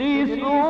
Cristo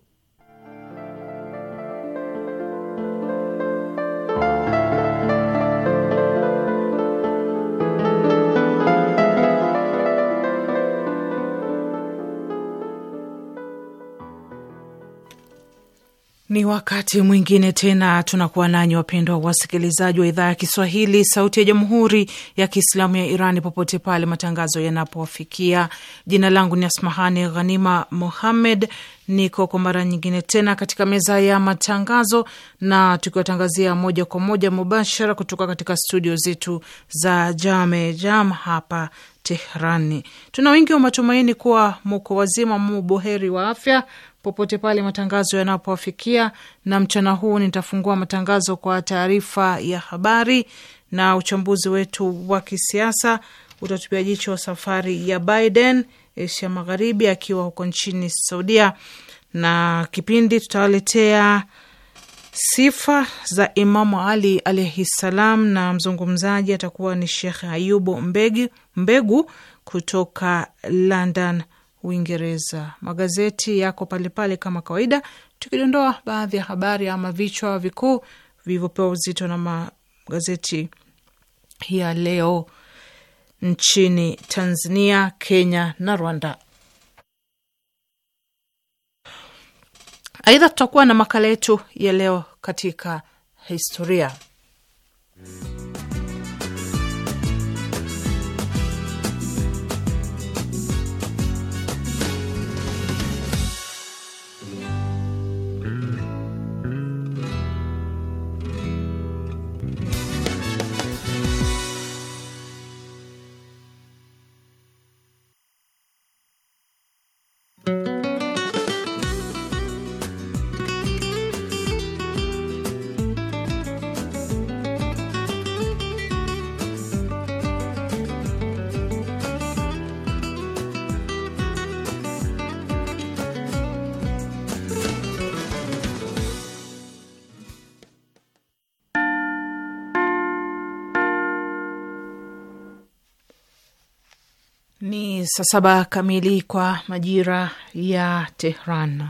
Ni wakati mwingine tena tunakuwa nanyi wapendwa wasikilizaji wa idhaa ya Kiswahili sauti ya jamhuri ya kiislamu ya Iran popote pale matangazo yanapowafikia. Jina langu ni Asmahani Ghanima muhammed niko kwa mara nyingine tena katika meza ya matangazo na tukiwatangazia moja kwa moja mubashara kutoka katika studio zetu za Jame Jam hapa Tehrani. Tuna wingi wa matumaini kuwa muko wazima, muboheri wa afya popote pale matangazo yanapowafikia. Na mchana huu nitafungua matangazo kwa taarifa ya habari na uchambuzi wetu wa kisiasa utatupia jicho safari ya Biden Asia Magharibi akiwa huko nchini Saudia, na kipindi tutawaletea sifa za Imamu Ali alaihi salam, na mzungumzaji atakuwa ni Shekh Ayubu Mbegu, Mbegu kutoka London, Uingereza. Magazeti yako palepale kama kawaida, tukidondoa baadhi ya habari ama vichwa vikuu vilivyopewa uzito na magazeti ya leo nchini Tanzania, Kenya na Rwanda. Aidha, tutakuwa na makala yetu ya leo katika historia. saa saba kamili kwa majira ya Tehran.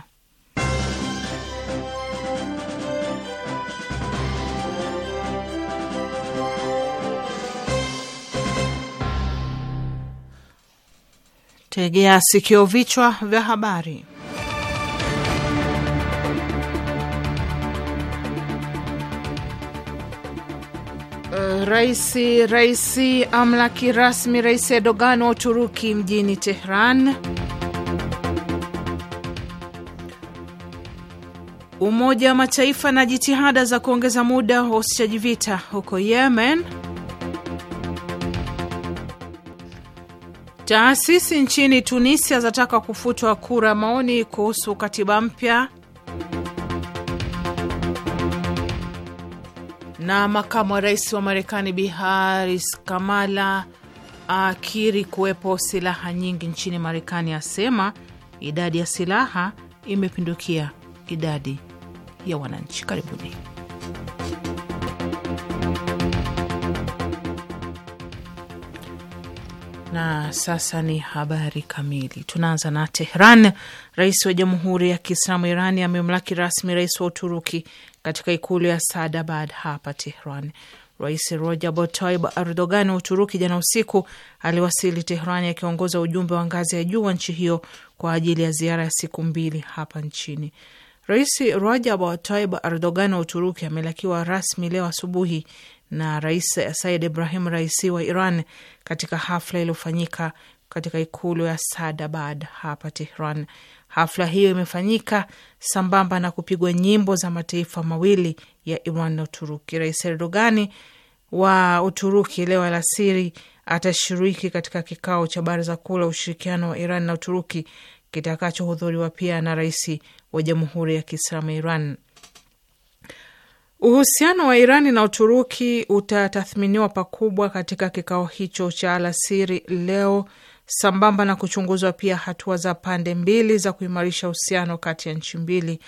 Tegea sikio, vichwa vya habari. Raisi raisi amlaki rasmi Rais Erdogan wa Uturuki mjini Tehran. Umoja wa Mataifa na jitihada za kuongeza muda wa usitishaji vita huko Yemen. Taasisi nchini Tunisia zataka kufutwa kura maoni kuhusu katiba mpya. na makamu wa rais wa Marekani Bi Kamala akiri kuwepo silaha nyingi nchini Marekani, asema idadi ya silaha imepindukia idadi ya wananchi. Karibuni. Na sasa ni habari kamili. Tunaanza na Tehran. Rais wa Jamhuri ya Kiislamu Irani amemlaki rasmi rais wa Uturuki katika ikulu ya Sadabad hapa Tehran. Rais Recep Tayyip Erdogan wa Uturuki jana usiku aliwasili Tehrani akiongoza ujumbe wa ngazi ya juu wa nchi hiyo kwa ajili ya ziara ya siku mbili hapa nchini. Rais Recep Tayyip Erdogan wa Uturuki amelakiwa rasmi leo asubuhi na Rais Said Ibrahim Raisi wa Iran katika hafla iliyofanyika katika ikulu ya Sadabad hapa Tehran. Hafla hiyo imefanyika sambamba na kupigwa nyimbo za mataifa mawili ya Iran na Uturuki. Rais Erdogani wa Uturuki leo alasiri atashiriki katika kikao cha baraza kuu la ushirikiano wa Iran na Uturuki kitakachohudhuriwa pia na rais wa Jamhuri ya Kiislamu Iran. Uhusiano wa Irani na Uturuki utatathminiwa pakubwa katika kikao hicho cha alasiri leo sambamba na kuchunguzwa pia hatua za pande mbili za kuimarisha uhusiano kati ya nchi mbili.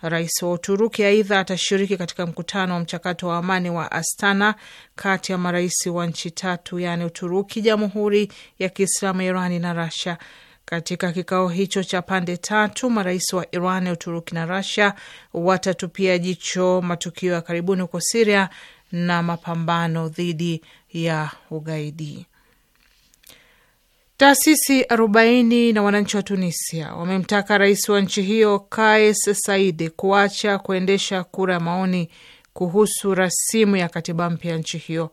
Rais wa Uturuki aidha atashiriki katika mkutano wa mchakato wa amani wa Astana kati ya marais wa nchi tatu, yaani Uturuki, Jamhuri ya Kiislamu Irani na Rasia. Katika kikao hicho cha pande tatu, marais wa Iran, Uturuki na Rasia watatupia jicho matukio ya karibuni huko Siria na mapambano dhidi ya ugaidi. Taasisi 40 na wananchi wa Tunisia wamemtaka rais wa nchi hiyo Kais Saidi kuacha kuendesha kura ya maoni kuhusu rasimu ya katiba mpya ya nchi hiyo.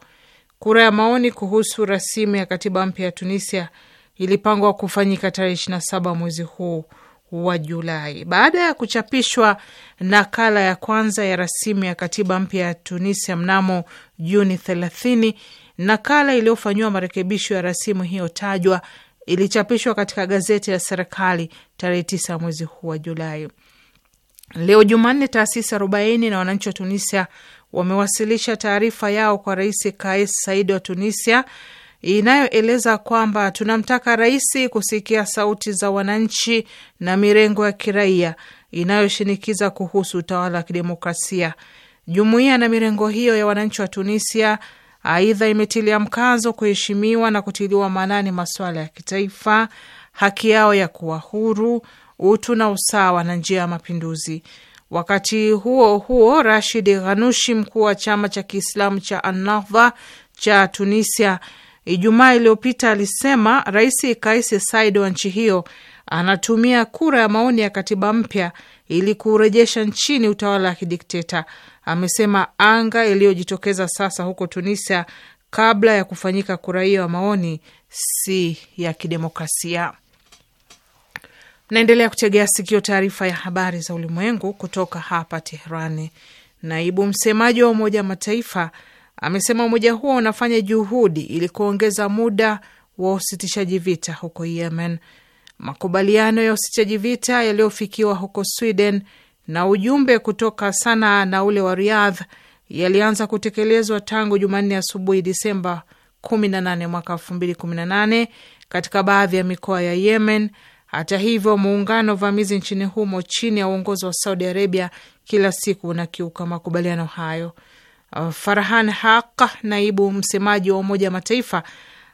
Kura ya maoni kuhusu rasimu ya katiba mpya ya Tunisia ilipangwa kufanyika tarehe 27 mwezi huu wa Julai. Baada ya kuchapishwa nakala ya kwanza ya rasimu ya katiba mpya ya Tunisia mnamo Juni 30 Nakala iliyofanyiwa marekebisho ya rasimu hiyo tajwa ilichapishwa katika gazeti la serikali tarehe tisa mwezi huu wa Julai. Leo Jumanne, taasisi arobaini na wananchi wa Tunisia wamewasilisha taarifa yao kwa Rais Kais Saidi wa Tunisia inayoeleza kwamba tunamtaka rais kusikia sauti za wananchi na mirengo ya kiraia inayoshinikiza kuhusu utawala wa kidemokrasia. Jumuiya na mirengo hiyo ya wananchi wa Tunisia Aidha, imetilia mkazo kuheshimiwa na kutiliwa maanani masuala ya kitaifa, haki yao ya kuwa huru, utu na usawa na njia ya mapinduzi. Wakati huo huo, Rashid Ghanushi, mkuu wa chama cha Kiislamu cha Ennahda cha Tunisia, Ijumaa iliyopita alisema Rais Kais Saied wa nchi hiyo anatumia kura ya maoni ya katiba mpya ili kurejesha nchini utawala wa kidikteta amesema anga iliyojitokeza sasa huko Tunisia kabla ya kufanyika kura hiyo ya maoni si ya kidemokrasia. Naendelea kutegea sikio taarifa ya habari za ulimwengu kutoka hapa Teherani. Naibu msemaji wa Umoja wa Mataifa amesema umoja huo unafanya juhudi ili kuongeza muda wa usitishaji vita huko Yemen. Makubaliano ya usitishaji vita yaliyofikiwa huko Sweden na ujumbe kutoka sana na ule wa riadh yalianza kutekelezwa tangu Jumanne asubuhi Disemba 18 mwaka 2018 katika baadhi ya mikoa ya Yemen. Hata hivyo, muungano wa vamizi nchini humo chini ya uongozi wa Saudi Arabia kila siku unakiuka makubaliano hayo. Farhan Haq, naibu msemaji wa Umoja wa Mataifa,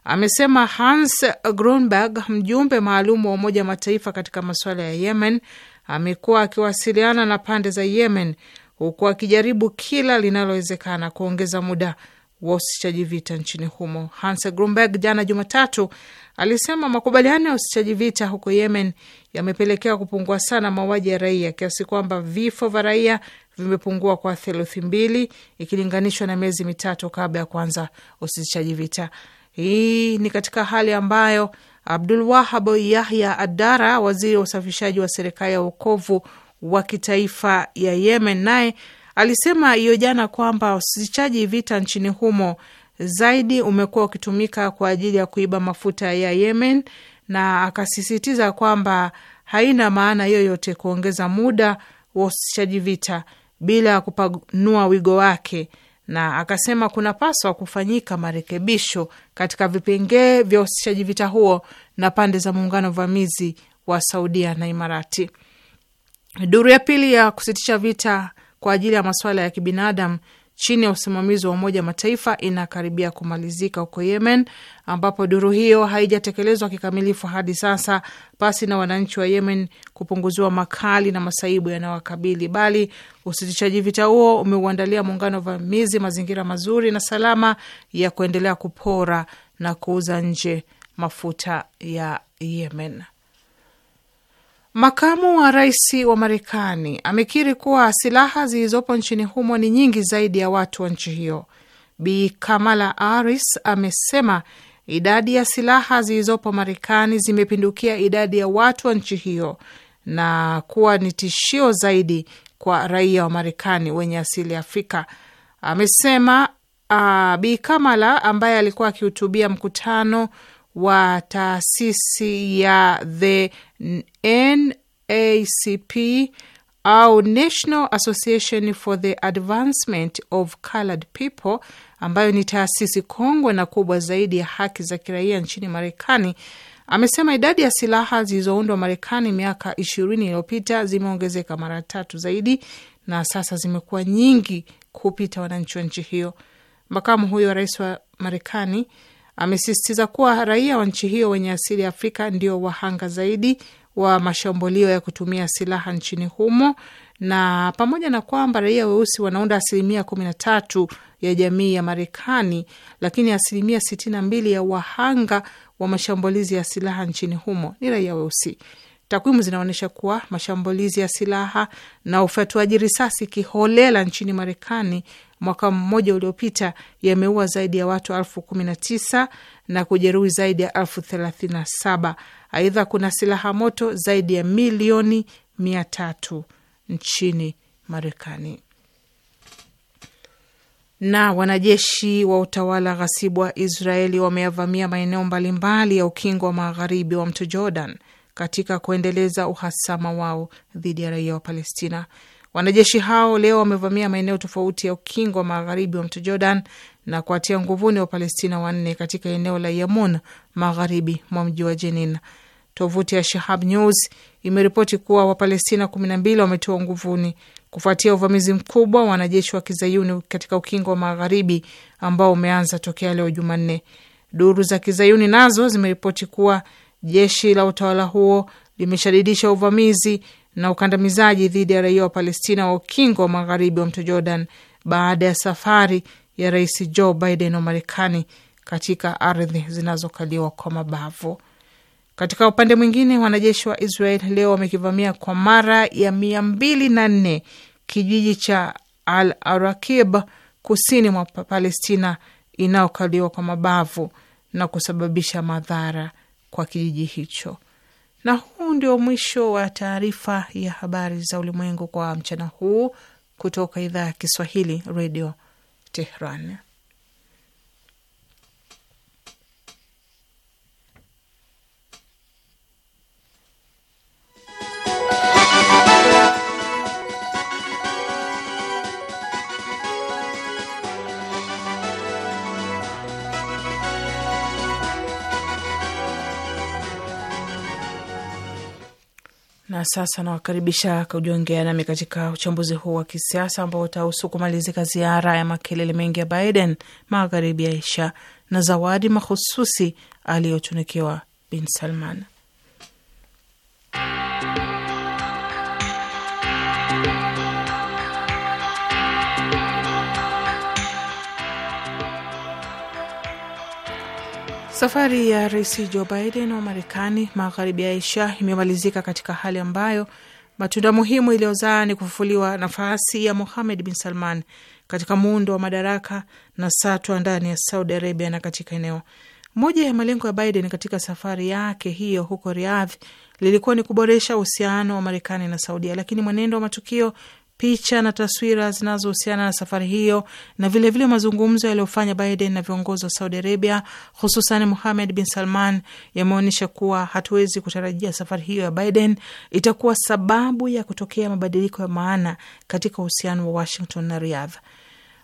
amesema Hans Grunberg, mjumbe maalum wa Umoja wa Mataifa katika masuala ya Yemen, amekuwa akiwasiliana na pande za Yemen huku akijaribu kila linalowezekana kuongeza muda wa usitishaji vita nchini humo. Hans Grumberg jana Jumatatu alisema makubaliano ya usitishaji vita huko Yemen yamepelekea kupungua sana mauaji ya raia kiasi kwamba vifo vya raia vimepungua kwa theluthi mbili ikilinganishwa na miezi mitatu kabla ya kuanza usitishaji vita. Hii ni katika hali ambayo Abdul Wahab Yahya Adara, waziri wa usafishaji wa serikali ya uokovu wa kitaifa ya Yemen, naye alisema hiyo jana kwamba usitishaji vita nchini humo zaidi umekuwa ukitumika kwa ajili ya kuiba mafuta ya Yemen, na akasisitiza kwamba haina maana yoyote kuongeza muda wa usitishaji vita bila ya kupanua wigo wake na akasema kunapaswa kufanyika marekebisho katika vipengee vya usitishaji vita huo na pande za muungano vamizi wa Saudia na Imarati. Duru ya pili ya kusitisha vita kwa ajili ya masuala ya kibinadamu chini ya usimamizi wa Umoja Mataifa inakaribia kumalizika huko Yemen, ambapo duru hiyo haijatekelezwa kikamilifu hadi sasa, pasi na wananchi wa Yemen kupunguziwa makali na masaibu yanayowakabili, bali usitishaji vita huo umeuandalia muungano wa vamizi mazingira mazuri na salama ya kuendelea kupora na kuuza nje mafuta ya Yemen. Makamu wa rais wa Marekani amekiri kuwa silaha zilizopo nchini humo ni nyingi zaidi ya watu wa nchi hiyo. Bi Kamala Harris amesema idadi ya silaha zilizopo Marekani zimepindukia idadi ya watu wa nchi hiyo na kuwa ni tishio zaidi kwa raia wa Marekani wenye asili ya Afrika. Amesema uh, Bi Kamala ambaye alikuwa akihutubia mkutano wa taasisi ya the NACP au National Association for the Advancement of Colored People ambayo ni taasisi kongwe na kubwa zaidi ya haki za kiraia nchini Marekani amesema idadi ya silaha zilizoundwa Marekani miaka ishirini iliyopita zimeongezeka mara tatu zaidi na sasa zimekuwa nyingi kupita wananchi wa nchi hiyo. Makamu huyo wa rais wa Marekani amesisitiza kuwa raia wa nchi hiyo wenye asili ya Afrika ndio wahanga zaidi wa mashambulio ya kutumia silaha nchini humo, na pamoja na kwamba raia weusi wanaunda asilimia kumi na tatu ya jamii ya Marekani, lakini asilimia sitini na mbili ya wahanga wa mashambulizi ya silaha nchini humo ni raia weusi. Takwimu zinaonyesha kuwa mashambulizi ya silaha na ufyatuaji risasi kiholela nchini Marekani mwaka mmoja uliopita yameua zaidi ya watu elfu kumi na tisa na kujeruhi zaidi ya elfu thelathini na saba. Aidha, kuna silaha moto zaidi ya milioni mia tatu nchini Marekani. Na wanajeshi wa utawala ghasibu wa Israeli wameyavamia maeneo mbalimbali ya ukingo wa magharibi wa mto Jordan katika kuendeleza uhasama wao dhidi ya raia wa Palestina. Wanajeshi hao leo wamevamia maeneo tofauti ya ukingo wa magharibi wa mto Jordan na kuatia nguvuni wa Palestina wanne katika eneo la Yamun, magharibi mwa mji wa Jenin. Tovuti ya Shahab News imeripoti kuwa Wapalestina kumi na mbili wametiwa nguvuni kufuatia uvamizi mkubwa wa wanajeshi wa kizayuni katika ukingo wa magharibi ambao umeanza tokea leo Jumanne. Duru za kizayuni nazo zimeripoti kuwa Jeshi la utawala huo limeshadidisha uvamizi na ukandamizaji dhidi ya raia wa Palestina wa ukingo wa magharibi wa mto Jordan baada ya safari ya Rais Joe Biden wa Marekani katika ardhi zinazokaliwa kwa mabavu. Katika upande mwingine, wanajeshi wa Israel leo wamekivamia kwa mara ya mia mbili na nne kijiji cha Al Arakib kusini mwa Palestina inayokaliwa kwa mabavu na kusababisha madhara kwa kijiji hicho. Na huu ndio mwisho wa taarifa ya habari za ulimwengu kwa mchana huu kutoka idhaa ya Kiswahili, Redio Tehran. Na sasa nawakaribisha kujiongea nami katika uchambuzi huu wa kisiasa ambao utahusu kumalizika ziara ya makelele mengi ya Biden magharibi ya Asia na zawadi mahususi aliyotunikiwa bin Salman. Safari ya rais Joe Biden wa Marekani magharibi ya Asia imemalizika katika hali ambayo matunda muhimu iliyozaa ni kufufuliwa nafasi ya muhamed bin Salman katika muundo wa madaraka na satwa ndani ya Saudi Arabia na katika eneo. Moja ya malengo ya Biden katika safari yake hiyo huko Riadh lilikuwa ni kuboresha uhusiano wa Marekani na Saudia, lakini mwenendo wa matukio picha na taswira zinazohusiana na safari hiyo na vilevile mazungumzo yaliyofanya Biden na viongozi wa Saudi Arabia hususan Muhamed bin Salman yameonyesha kuwa hatuwezi kutarajia safari hiyo ya Biden itakuwa sababu ya kutokea mabadiliko ya maana katika uhusiano wa Washington na Riyadh.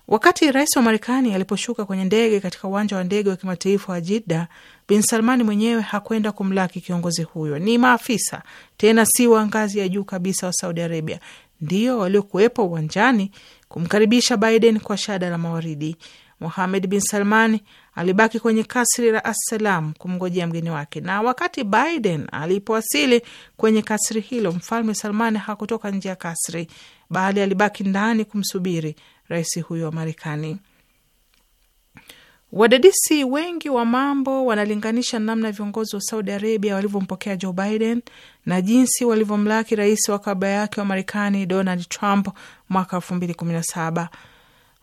Wakati rais wa Marekani aliposhuka kwenye ndege katika uwanja wa ndege wa kimataifa wa Jidda, bin Salmani mwenyewe hakwenda kumlaki kiongozi huyo. Ni maafisa tena si wa ngazi ya juu kabisa wa Saudi Arabia, ndio waliokuwepo uwanjani kumkaribisha Biden kwa shada la mawaridi. Mohamed bin Salman alibaki kwenye kasri la Assalam kumngojea mgeni wake, na wakati Biden alipowasili kwenye kasri hilo, mfalme Salman hakutoka nje ya kasri, bali alibaki ndani kumsubiri rais huyo wa Marekani. Wadadisi wengi wa mambo wanalinganisha namna viongozi wa Saudi Arabia walivyompokea Joe Biden na jinsi walivyomlaki rais wa kabla yake wa Marekani Donald Trump mwaka saba.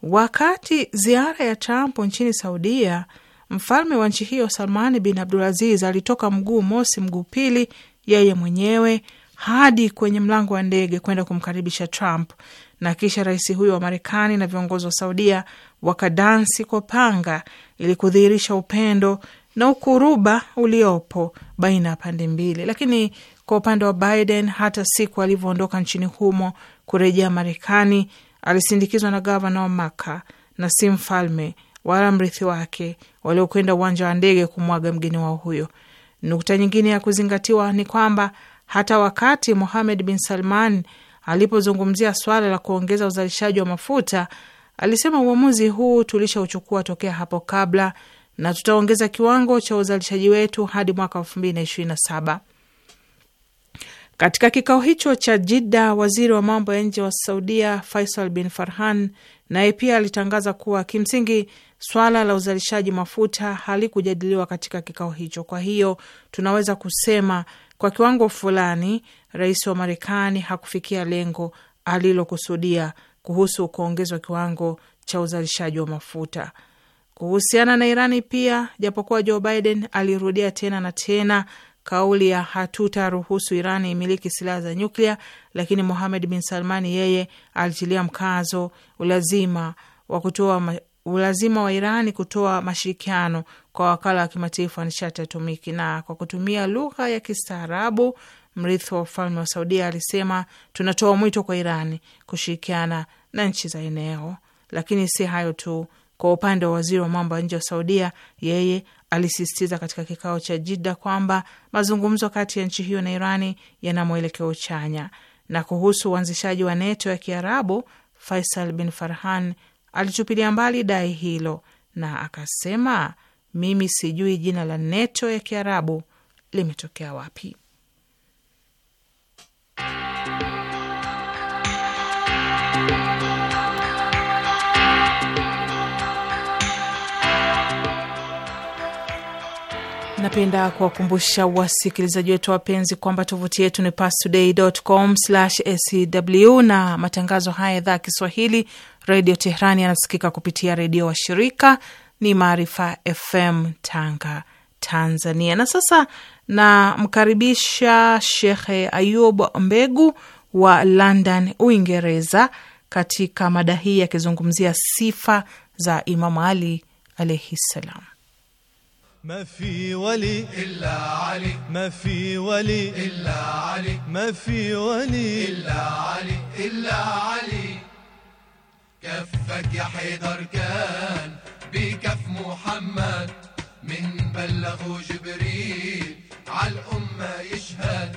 Wakati ziara ya Trump nchini Saudia, mfalme wa nchi hiyo Salmani bin Abdulaziz alitoka mguu mosi mguu pili yeye mwenyewe hadi kwenye mlango wa ndege kwenda kumkaribisha Trump na kisha rais huyo wa Marekani na viongozi wa Saudia wakadansi kwa panga ili kudhihirisha upendo na ukuruba uliopo baina ya pande mbili. Lakini kwa upande wa Biden, hata siku alivyoondoka nchini humo kurejea Marekani, alisindikizwa na gavana wa Maka na si mfalme wala mrithi wake waliokwenda uwanja wa ndege kumwaga mgeni wao huyo. Nukta nyingine ya kuzingatiwa ni kwamba hata wakati Mohamed bin Salman Alipozungumzia swala la kuongeza uzalishaji wa mafuta, alisema uamuzi huu tulishauchukua tokea hapo kabla na tutaongeza kiwango cha uzalishaji wetu hadi mwaka elfu mbili na ishirini na saba. Katika kikao hicho cha Jidda, waziri wa mambo ya nje wa Saudia Faisal bin Farhan naye pia alitangaza kuwa kimsingi swala la uzalishaji mafuta halikujadiliwa katika kikao hicho. Kwa hiyo tunaweza kusema kwa kiwango fulani rais wa Marekani hakufikia lengo alilokusudia kuhusu kuongezwa kiwango cha uzalishaji wa mafuta. Kuhusiana na Irani pia, japokuwa Joe Biden alirudia tena na tena kauli ya hatutaruhusu Irani imiliki silaha za nyuklia, lakini Mohamed bin Salmani yeye alitilia mkazo ulazima wa kutoa ulazima wa Irani kutoa mashirikiano kwa wakala wa kimataifa wa nishati atomiki, na kwa kutumia lugha ya kistaarabu mrithi wa ufalme wa Saudia, alisema tunatoa mwito kwa Irani kushirikiana na nchi za eneo. Lakini si hayo tu. Kwa upande wa waziri wa mambo ya nje wa Saudia, yeye alisisitiza katika kikao cha Jida kwamba mazungumzo kati ya nchi hiyo na Irani yana mwelekeo chanya. Na kuhusu uanzishaji wa neto ya Kiarabu, Faisal bin Farhan alitupilia mbali dai hilo na akasema, mimi sijui jina la neto ya Kiarabu limetokea wapi. Napenda kuwakumbusha wasikilizaji wetu wapenzi kwamba tovuti yetu ni pastoday.com/sw e na matangazo haya idhaa ya Kiswahili redio Tehrani yanasikika kupitia redio wa shirika ni Maarifa FM Tanga, Tanzania. Na sasa namkaribisha Shekhe Ayub Mbegu wa London, Uingereza, katika mada hii akizungumzia sifa za Imamu Ali alaihi ssalam. ما في ولي إلا علي ما في ولي إلا علي ما في ولي إلا علي إلا علي كفك يا حيدر كان بكف محمد من بلغه جبريل على الامه يشهد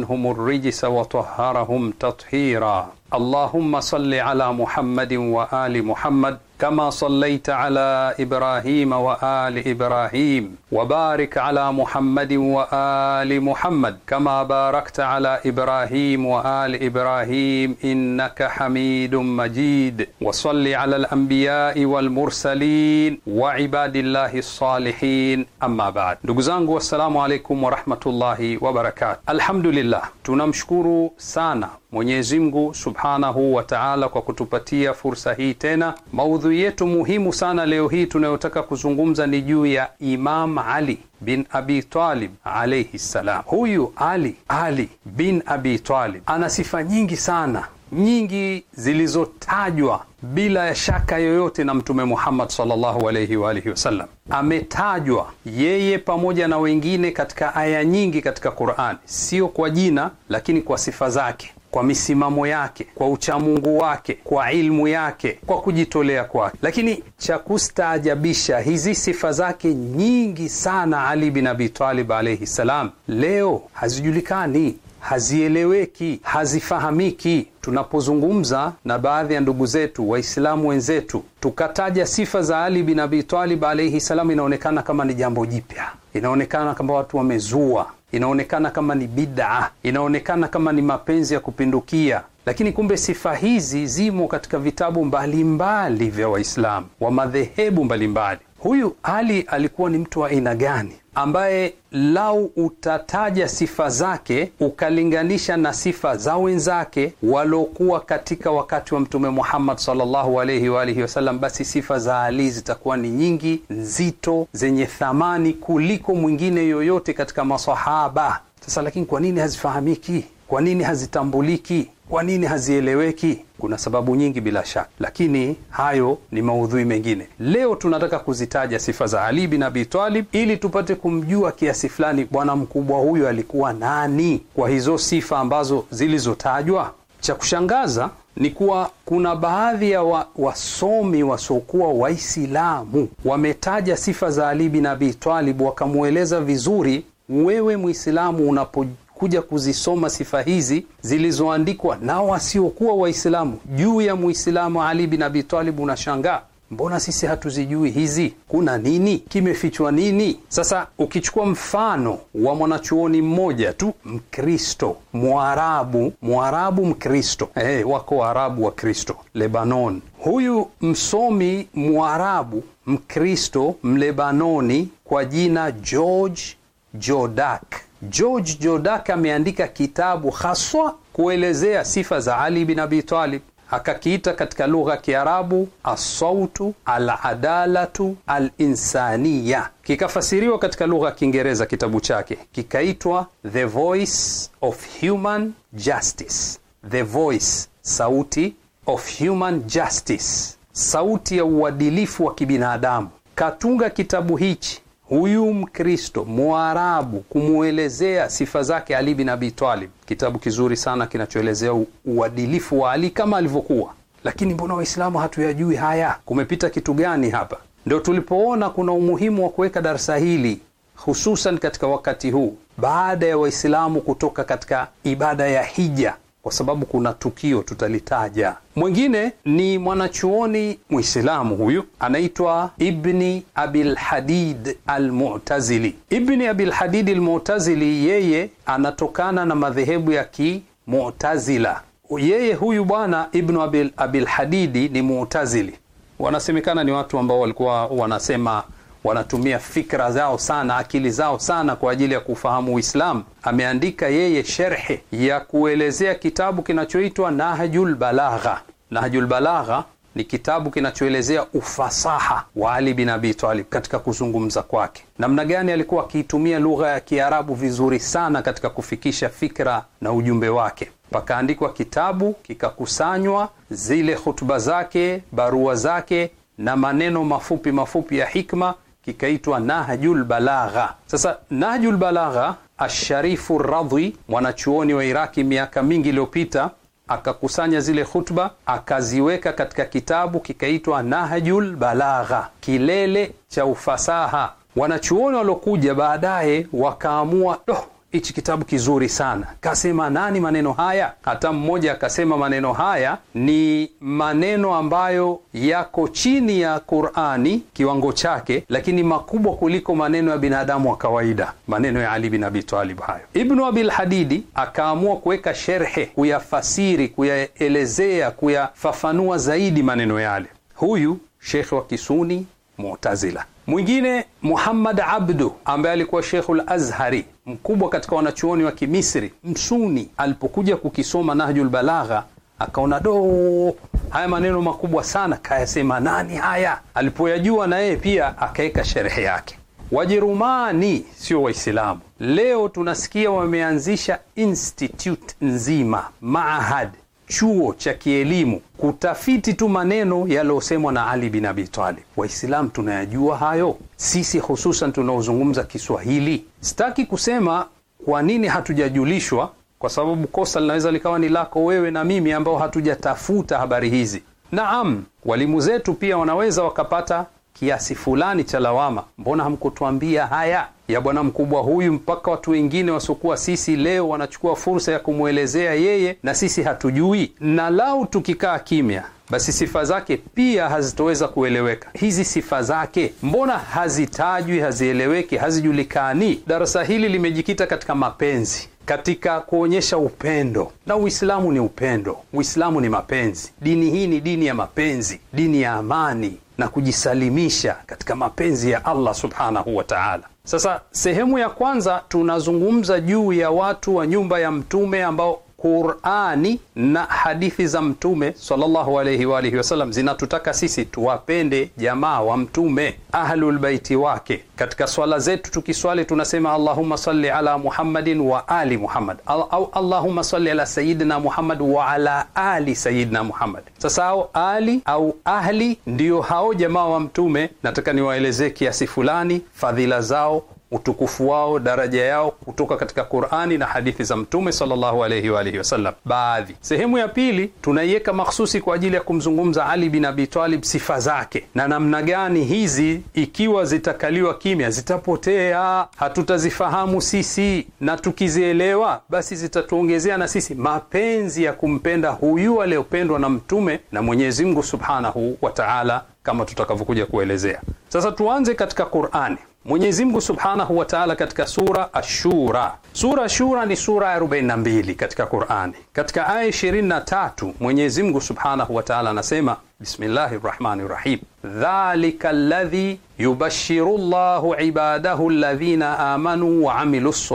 عنهم الرجس وطهرهم تطهيرا Allahumma salli ala Muhammadin wa ali Muhammad kama sallaita ala Ibrahima wa ali Ibrahim wa barik ala Muhammadin wa ali Muhammad kama barakta ala Ibrahim wa ali Ibrahim innaka Hamidum Majid wa salli ala al-anbiya'i wal mursalin wa ibadillahi salihin amma ba'd. Ndugu zangu, assalamu alaykum wa rahmatullahi wa barakatuh. Alhamdulillah, tunamshukuru sana Mwenyezi Mungu Subhanahu wa Ta'ala kwa kutupatia fursa hii tena. Maudhui yetu muhimu sana leo hii tunayotaka kuzungumza ni juu ya Imam Ali bin Abi Talib alayhi salam. Huyu Ali, Ali bin Abi Talib ana sifa nyingi sana nyingi zilizotajwa bila ya shaka yoyote na Mtume Muhammad sallallahu alayhi wa alihi wasallam. Ametajwa yeye pamoja na wengine katika aya nyingi katika qurani sio kwa jina, lakini kwa sifa zake kwa misimamo yake, kwa uchamungu wake, kwa ilmu yake, kwa kujitolea kwake. Lakini cha kustaajabisha, hizi sifa zake nyingi sana Ali bin Abi Talib alaihi ssalam, leo hazijulikani, hazieleweki, hazifahamiki. Tunapozungumza na baadhi ya ndugu zetu Waislamu wenzetu tukataja sifa za Ali bin Abi Talib alaihi salam, inaonekana kama ni jambo jipya, inaonekana kama watu wamezua inaonekana kama ni bid'a, inaonekana kama ni mapenzi ya kupindukia, lakini kumbe sifa hizi zimo katika vitabu mbalimbali vya Waislamu wa madhehebu mbalimbali. Huyu Ali alikuwa ni mtu wa aina gani? ambaye lau utataja sifa zake ukalinganisha na sifa za wenzake waliokuwa katika wakati wa Mtume Muhammad sallallahu wa alihi wasallam, basi sifa za Ali zitakuwa ni nyingi, nzito, zenye thamani kuliko mwingine yoyote katika masahaba. Sasa lakini kwa nini hazifahamiki? Kwa nini hazitambuliki? Kwa nini hazieleweki? Kuna sababu nyingi bila shaka, lakini hayo ni maudhui mengine. Leo tunataka kuzitaja sifa za Ali bin Abi Talib ili tupate kumjua kiasi fulani bwana mkubwa huyo alikuwa nani, kwa hizo sifa ambazo zilizotajwa. Cha kushangaza ni kuwa kuna baadhi ya wa, wasomi wasiokuwa Waislamu wametaja sifa za Ali bin Abi Talib wakamweleza vizuri. Wewe Mwislamu unapo kuja kuzisoma sifa hizi zilizoandikwa na wasiokuwa Waislamu juu ya Muislamu Ali bin Abi Talib, unashangaa mbona sisi hatuzijui hizi? Kuna nini? Kimefichwa nini? Sasa ukichukua mfano wa mwanachuoni mmoja tu, Mkristo Mwarabu, Mwarabu Mkristo, hey, wako Waarabu wa Kristo Lebanon. Huyu msomi Mwarabu Mkristo Mlebanoni kwa jina George Jodak George Jordak ameandika kitabu haswa kuelezea sifa za Ali bin Abi Talib akakiita katika lugha ya Kiarabu asautu aladalatu alinsaniya, kikafasiriwa katika lugha ya Kiingereza kitabu chake kikaitwa The Voice of Human Justice, The Voice, sauti of Human Justice, sauti ya uadilifu wa kibinadamu. Katunga kitabu hichi huyu Mkristo Mwarabu kumwelezea sifa zake Ali bin Abi Talib. Kitabu kizuri sana kinachoelezea uadilifu wa Ali kama alivyokuwa, lakini mbona Waislamu hatuyajui haya? Kumepita kitu gani hapa? Ndo tulipoona kuna umuhimu wa kuweka darsa hili hususan katika wakati huu baada ya Waislamu kutoka katika ibada ya hija kwa sababu kuna tukio tutalitaja. Mwingine ni mwanachuoni Mwislamu, huyu anaitwa Ibni Abilhadid Almutazili. Ibni Abilhadid Almutazili yeye anatokana na madhehebu ya Kimutazila. Yeye huyu bwana Ibnu Abil, Abilhadidi ni Mutazili, wanasemekana ni watu ambao walikuwa wanasema wanatumia fikra zao sana, akili zao sana kwa ajili ya kufahamu Uislamu. Ameandika yeye sherhe ya kuelezea kitabu kinachoitwa Nahjul Balagha. Nahjul Balagha ni kitabu kinachoelezea ufasaha wa Ali bin Abi Talib katika kuzungumza kwake, namna gani alikuwa akiitumia lugha ya Kiarabu vizuri sana katika kufikisha fikra na ujumbe wake. Pakaandikwa kitabu kikakusanywa, zile hutuba zake, barua zake na maneno mafupi mafupi ya hikma ikaitwa Nahjul Balagha. Sasa Nahjul Balagha, Asharifu Radhi, mwanachuoni wa Iraki, miaka mingi iliyopita akakusanya zile khutba akaziweka katika kitabu kikaitwa Nahjul Balagha, kilele cha ufasaha. Wanachuoni waliokuja baadaye wakaamua oh, hichi kitabu kizuri sana. Kasema nani maneno haya? Hata mmoja akasema maneno haya ni maneno ambayo yako chini ya Qurani kiwango chake, lakini makubwa kuliko maneno ya binadamu wa kawaida, maneno ya Ali bin Abi Talib. Hayo Ibnu Abil Hadidi akaamua kuweka sherhe, kuyafasiri, kuyaelezea, kuyafafanua zaidi maneno yale, huyu shekhe wa Kisuni Mu'tazila. Mwingine Muhammad Abdu ambaye alikuwa Sheikhul Azhari mkubwa katika wanachuoni wa Kimisri, Msuni, alipokuja kukisoma Nahju Lbalagha akaona do, haya maneno makubwa sana, kayasema nani haya? Alipoyajua na yeye pia akaweka sherehe yake. Wajerumani sio Waislamu, leo tunasikia wameanzisha institute nzima, maahad chuo cha kielimu kutafiti tu maneno yaliyosemwa na Ali bin Abi Talib. tunayajua hayo sisi, hususan tunaozungumza Kiswahili. Sitaki kusema kwa nini hatujajulishwa, kwa sababu kosa linaweza likawa ni lako wewe na mimi, ambao hatujatafuta habari hizi. Naam, walimu zetu pia wanaweza wakapata kiasi fulani cha lawama, mbona hamkutuambia haya ya bwana mkubwa huyu, mpaka watu wengine wasiokuwa sisi leo wanachukua fursa ya kumwelezea yeye na sisi hatujui? Na lau tukikaa kimya, basi sifa zake pia hazitoweza kueleweka. Hizi sifa zake mbona hazitajwi, hazieleweki, hazijulikani? Darasa hili limejikita katika mapenzi katika kuonyesha upendo, na Uislamu ni upendo, Uislamu ni mapenzi. Dini hii ni dini ya mapenzi, dini ya amani na kujisalimisha katika mapenzi ya Allah subhanahu wa ta'ala. Sasa sehemu ya kwanza tunazungumza juu ya watu wa nyumba ya Mtume ambao Qur'ani na hadithi za Mtume sallallahu alayhi wa alihi wasallam zinatutaka sisi tuwapende jamaa wa Mtume, ahlul baiti wake. Katika swala zetu tukiswali tunasema Allahumma salli ala Muhammadin wa ali Muhammad au Allahumma salli ala sayidina Muhammad wa ala ali sayidina Muhammad. Sasa au ali au ahli, ndiyo hao jamaa wa Mtume. Nataka niwaelezee kiasi fulani fadhila zao utukufu wao, daraja yao kutoka katika Qur'ani na hadithi za Mtume sallallahu alayhi wa alihi wasallam. Baadhi sehemu ya pili tunaiweka mahsusi kwa ajili ya kumzungumza Ali bin Abi Talib, sifa zake na namna gani hizi, ikiwa zitakaliwa kimya, zitapotea, hatutazifahamu sisi, na tukizielewa basi zitatuongezea na sisi mapenzi ya kumpenda huyu aliyopendwa na Mtume na Mwenyezi Mungu subhanahu wa ta'ala, kama tutakavyokuja kuelezea. Sasa tuanze katika Qur'ani. Mwenyezi Mungu Subhanahu wa Ta'ala katika sura Ashura. Sura Ashura ni sura ya 42 katika Qur'ani. Katika aya 23 Mwenyezi Mungu Subhanahu wa Ta'ala anasema Bismillahir Rahmanir Rahim. Dhalika alladhi yubashiru Allahu ibadahu alladhina amanu wa amilus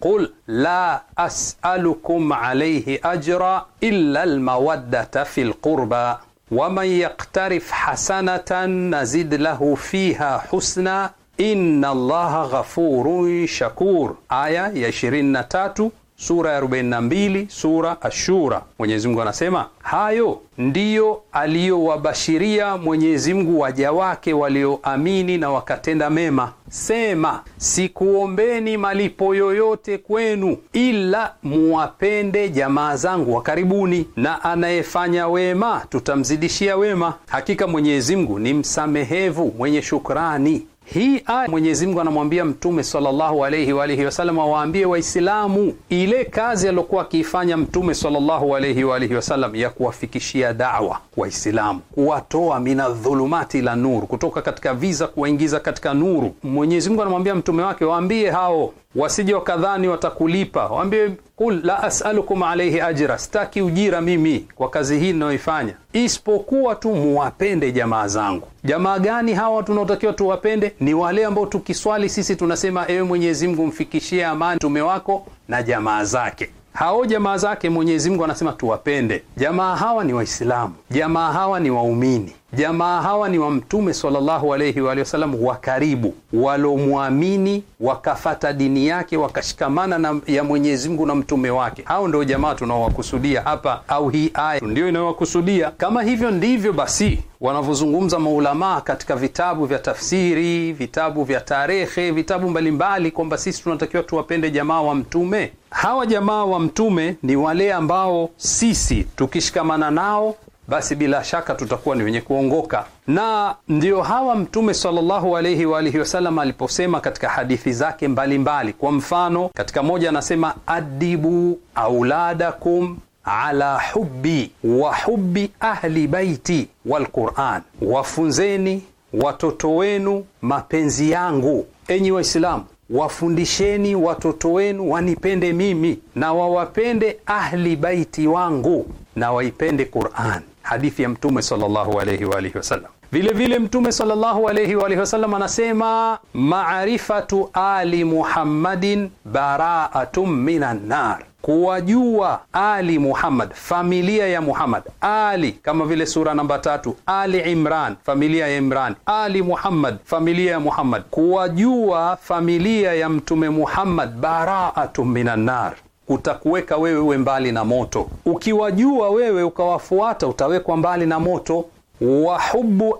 Qul la as'alukum alayhi ajra illa almawaddata fil qurba. Waman yaktarif hasanatan nazid lahu fiha husna inna llaha ghafurun shakur, aya ya 23 sura ya 42 sura Ashura. Mwenyezi Mungu anasema hayo ndiyo aliyowabashiria Mwenyezi Mungu waja wake walioamini na wakatenda mema. Sema, sikuombeni malipo yoyote kwenu, ila muwapende jamaa zangu wa karibuni, na anayefanya wema tutamzidishia wema. Hakika Mwenyezi Mungu ni msamehevu mwenye shukrani. Hii aya Mwenyezi Mungu anamwambia Mtume sallallahu alayhi wa alihi wasallam awaambie Waislamu ile kazi aliyokuwa akiifanya Mtume sallallahu alayhi wa alihi wasallam ya kuwafikishia da'wa Waislamu, kuwatoa mina dhulumati la nuru, kutoka katika viza kuwaingiza katika nuru. Mwenyezi Mungu anamwambia mtume wake, waambie hao wasije wakadhani watakulipa, waambie Kul la as'alukum alayhi ajra, sitaki ujira mimi kwa kazi hii ninayoifanya, isipokuwa tu muwapende jamaa zangu. Jamaa gani hawa tunaotakiwa tuwapende? Ni wale ambao tukiswali sisi tunasema, ewe Mwenyezi Mungu, mfikishie amani mtume wako na jamaa zake hao jamaa zake Mwenyezi Mungu anasema tuwapende. Jamaa hawa ni Waislamu, jamaa hawa ni waumini. Jamaa hawa ni wa Mtume sallallahu alaihi wa wasallam wa karibu, walomwamini wakafata dini yake wakashikamana na ya Mwenyezi Mungu na mtume wake. Hao ndio jamaa tunaowakusudia hapa, au hii aya ndio inayowakusudia. Kama hivyo ndivyo basi wanavyozungumza maulamaa katika vitabu vya tafsiri, vitabu vya tarehe, vitabu mbalimbali, kwamba sisi tunatakiwa tuwapende jamaa wa Mtume. Hawa jamaa wa Mtume ni wale ambao sisi tukishikamana nao basi bila shaka tutakuwa ni wenye kuongoka. Na ndio hawa Mtume sallallahu alaihi wa alihi wasallam aliposema katika hadithi zake mbalimbali mbali. Kwa mfano katika moja anasema adibu auladakum ala hubbi wa hubbi ahli baiti walquran, wafunzeni watoto wenu mapenzi yangu. Enyi Waislamu, wafundisheni watoto wenu wanipende mimi na wawapende ahli baiti wangu na waipende Quran hadithi ya Mtume sallallahu alayhi wa alihi wasallam. Vile vile Mtume sallallahu alayhi wa alihi wasallam anasema maarifatu ali Muhammadin bara'atun minan nar, kuwajua ali Muhammad, familia ya Muhammad, ali kama vile sura namba tatu, ali Imran, familia ya Imran, ali Muhammad, familia ya Muhammad, kuwajua familia ya Mtume Muhammad bara'atun minan nar utakuweka wewe uwe mbali na moto. Ukiwajua wewe ukawafuata, utawekwa mbali na moto. wa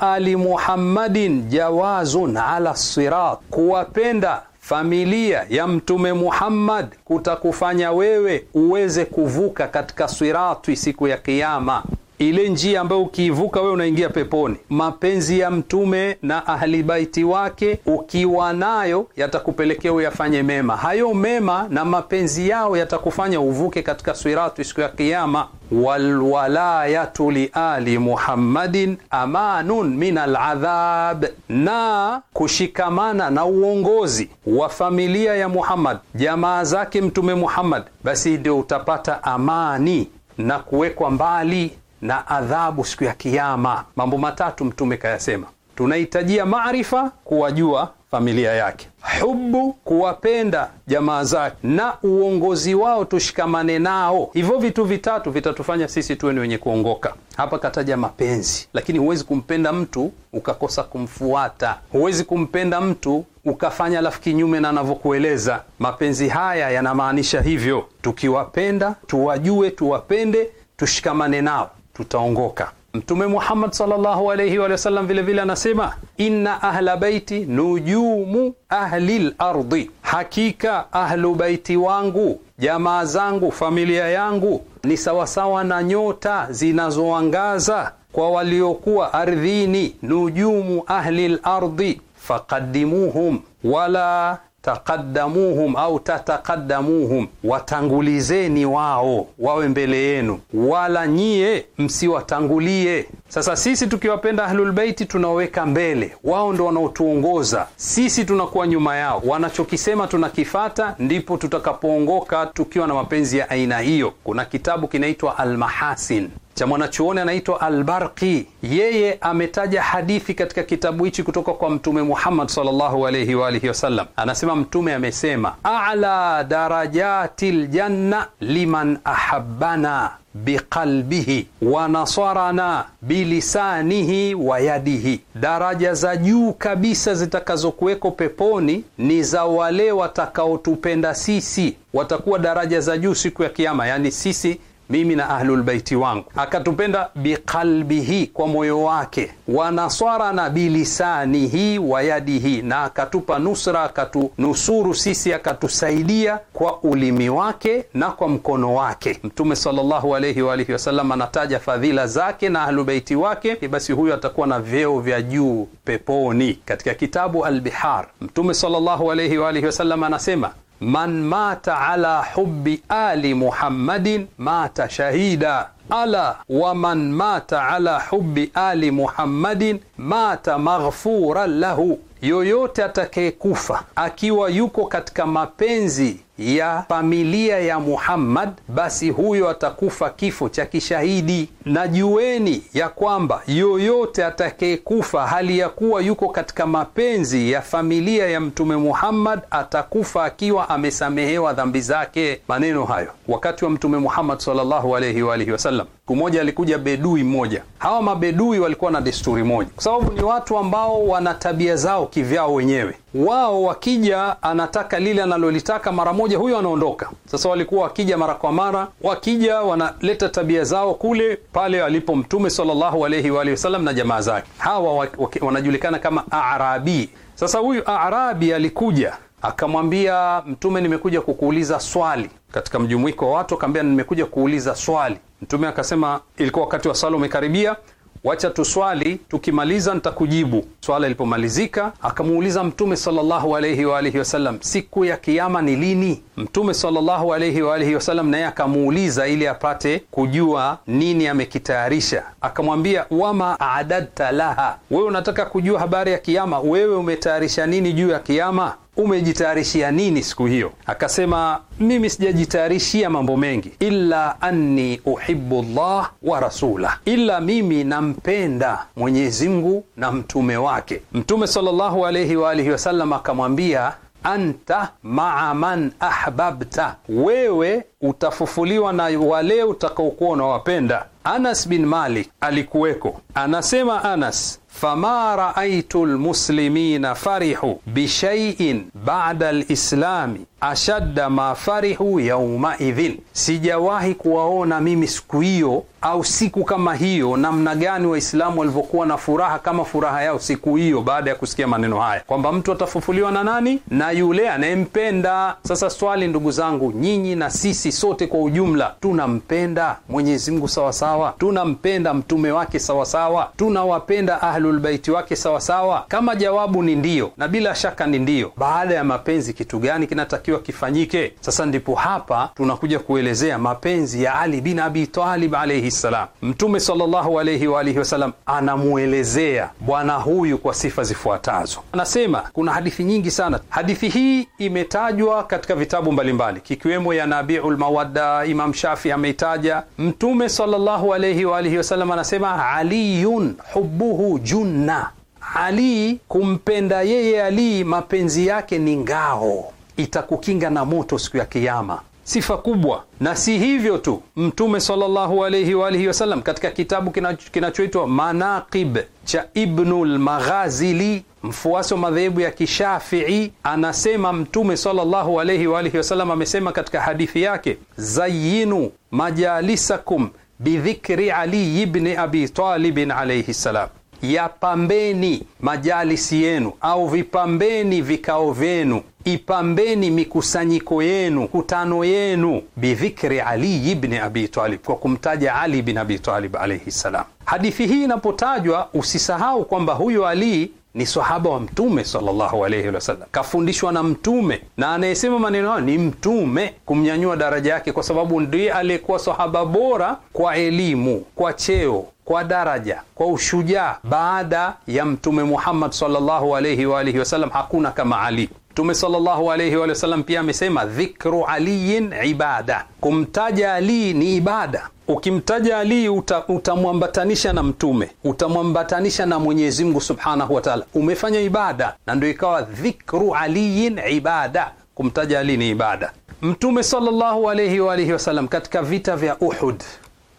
ali Muhammadin jawazun ala sirat, kuwapenda familia ya Mtume Muhammad kutakufanya wewe uweze kuvuka katika sirati siku ya Kiyama ile njia ambayo ukiivuka wewe unaingia peponi. Mapenzi ya Mtume na ahlibaiti wake ukiwa nayo yatakupelekea uyafanye mema. Hayo mema na mapenzi yao yatakufanya uvuke katika swirati siku ya Kiama. Walwalayatu liali Muhammadin amanun min aladhab, na kushikamana na uongozi wa familia ya Muhammad, jamaa zake Mtume Muhammad, basi ndio utapata amani na kuwekwa mbali na adhabu siku ya kiama Mambo matatu Mtume kayasema, tunahitajia maarifa, kuwajua familia yake, hubu kuwapenda jamaa zake, na uongozi wao, tushikamane nao. Hivyo vitu vitatu vitatufanya sisi tuwe ni wenye kuongoka. Hapa kataja mapenzi, lakini huwezi kumpenda mtu ukakosa kumfuata. Huwezi kumpenda mtu ukafanya alafu kinyume na anavyokueleza. Mapenzi haya yanamaanisha hivyo, tukiwapenda, tuwajue, tuwapende, tushikamane nao tutaongoka. Mtume Muhammad sallallahu alayhi wa sallam vile vile anasema inna ahla baiti nujumu ahli lardi hakika ahlu baiti wangu, jamaa zangu, familia yangu ni sawasawa na nyota zinazoangaza kwa waliokuwa ardhini. Nujumu ahli lardi faqaddimuhum wala taqaddamuhum au tataqaddamuhum, watangulizeni wao wawe mbele yenu, wala nyie msiwatangulie. Sasa sisi tukiwapenda Ahlulbeiti tunaweka mbele, wao ndo wanaotuongoza sisi, tunakuwa nyuma yao. Wanachokisema tunakifata, ndipo tutakapoongoka tukiwa na mapenzi ya aina hiyo. Kuna kitabu kinaitwa Almahasin cha mwanachuoni anaitwa Albarqi. Yeye ametaja hadithi katika kitabu hichi kutoka kwa Mtume Muhammad sallallahu alayhi wa alihi wasallam, anasema Mtume amesema, a'la darajati ljanna liman ahabbana biqalbihi wa nasarana bilisanihi wa yadihi, daraja za juu kabisa zitakazokuweko peponi ni za wale watakaotupenda sisi, watakuwa daraja za juu siku ya Kiama, yani sisi mimi na ahlulbaiti wangu, akatupenda biqalbihi, kwa moyo wake, wanaswara na bilisanihi wa yadihi, na akatupa nusra, akatunusuru sisi, akatusaidia kwa ulimi wake na kwa mkono wake. Mtume sallallahu alayhi wa alihi wasallam anataja fadhila zake na ahlubeiti wake, e basi huyo atakuwa na vyeo vya juu peponi. Katika kitabu Albihar, Mtume sallallahu alayhi wa alihi wasallam anasema man mata ala hubbi ali muhammadin mata shahida ala wa man mata ala hubbi ali muhammadin mata maghfuran lahu, yoyote atakayekufa akiwa yuko katika mapenzi ya familia ya Muhammad, basi huyo atakufa kifo cha kishahidi. Na jueni ya kwamba yoyote atakayekufa hali ya kuwa yuko katika mapenzi ya familia ya Mtume Muhammad atakufa akiwa amesamehewa dhambi zake. Maneno hayo wakati wa Mtume Muhammad sallallahu alayhi wa alihi wasallam. Siku moja alikuja bedui mmoja. Hawa mabedui walikuwa na desturi moja, kwa sababu ni watu ambao wana tabia zao kivyao wenyewe wao wakija anataka lile analolitaka mara moja, huyo anaondoka. Sasa walikuwa wakija mara kwa mara, wakija wanaleta tabia zao kule pale alipo Mtume sallallahu alaihi wa alihi wasallam na jamaa zake. Hawa wanajulikana kama Arabi. Sasa huyu Arabi alikuja akamwambia Mtume, nimekuja kukuuliza swali. Katika mjumuiko wa watu akamwambia, nimekuja kuuliza swali. Mtume akasema, ilikuwa wakati wa sala umekaribia wacha tuswali, tukimaliza nitakujibu. Swala ilipomalizika, akamuuliza Mtume sallallahu alayhi wa alihi wasallam, siku ya kiyama ni lini? Mtume sallallahu alayhi wa alihi wasallam naye akamuuliza ili apate kujua nini amekitayarisha. Akamwambia, wama adadta laha, wewe unataka kujua habari ya kiyama, wewe umetayarisha nini juu ya kiyama? umejitayarishia nini siku hiyo? Akasema, mimi sijajitayarishia mambo mengi, ila anni uhibu llah wa rasula ila mimi nampenda Mwenyezi Mungu na mtume wake. Mtume sallallahu alayhi wa alihi wasallam akamwambia anta maa man ahbabta, wewe utafufuliwa na wale utakaokuwa unawapenda. Anas bin Malik alikuweko, anasema Anas فما رأيت المسلمين فرحوا بشيء بعد الإسلام ashadda ma farihu yauma idhin, sijawahi kuwaona mimi siku hiyo au siku kama hiyo, namna gani Waislamu walivyokuwa na furaha kama furaha yao siku hiyo, baada ya kusikia maneno haya kwamba mtu atafufuliwa na nani? Na yule anayempenda. Sasa swali, ndugu zangu, nyinyi na sisi sote kwa ujumla, tunampenda Mwenyezi Mungu sawasawa? Tunampenda mtume wake sawasawa? Tunawapenda ahlulbaiti wake sawasawa? Kama jawabu ni ndio na bila shaka ni ndio, baada ya mapenzi kitu gani kinatakiwa kinachotakiwa kifanyike. Sasa ndipo hapa tunakuja kuelezea mapenzi ya Ali bin Abi Talib alaihi ssalam. Mtume sallallahu alaihi wa alihi wasallam anamwelezea bwana huyu kwa sifa zifuatazo. Anasema kuna hadithi nyingi sana. Hadithi hii imetajwa katika vitabu mbalimbali, kikiwemo ya Nabiul Mawadda, Imam Shafi ameitaja. Mtume sallallahu alaihi wa alihi wasallam anasema aliyun hubuhu junna, Ali kumpenda yeye, alii mapenzi yake ni ngao itakukinga na moto siku ya Kiama. Sifa kubwa. Na si hivyo tu, Mtume sallallahu wa alihi wasallam katika kitabu kinachoitwa Manaqib cha ibnu lmaghazili mfuasi wa madhehebu ya Kishafii, anasema Mtume sallallahu wa alihi wasallam amesema katika hadithi yake, zayinu majalisakum bidhikri Ali ibn Abi Talib alayhi salam yapambeni majalisi yenu au vipambeni vikao vyenu, ipambeni mikusanyiko yenu, kutano yenu, bidhikri Ali bni Abitalib, kwa kumtaja Ali bin Abitalib alaihi ssalam. Hadithi hii inapotajwa, usisahau kwamba huyu Ali ni sahaba wa Mtume sallallahu wasallam, kafundishwa na Mtume, na anayesema maneno hayo ni Mtume, kumnyanyua daraja yake, kwa sababu ndiye aliyekuwa sahaba bora kwa elimu, kwa cheo kwa daraja, kwa ushujaa baada ya Mtume Muhammad sallallahu alayhi wa alihi wasallam hakuna kama Ali. Mtume sallallahu alayhi wa sallam pia amesema dhikru aliyin ibada, kumtaja Ali ni ibada. Ukimtaja Ali uta, utamwambatanisha na mtume, utamwambatanisha na Mwenyezi Mungu subhanahu wa taala, umefanya ibada. Na ndio ikawa dhikru aliyin ibada, kumtaja Ali ni ibada. Mtume sallallahu alayhi wa alihi wa sallam katika vita vya Uhud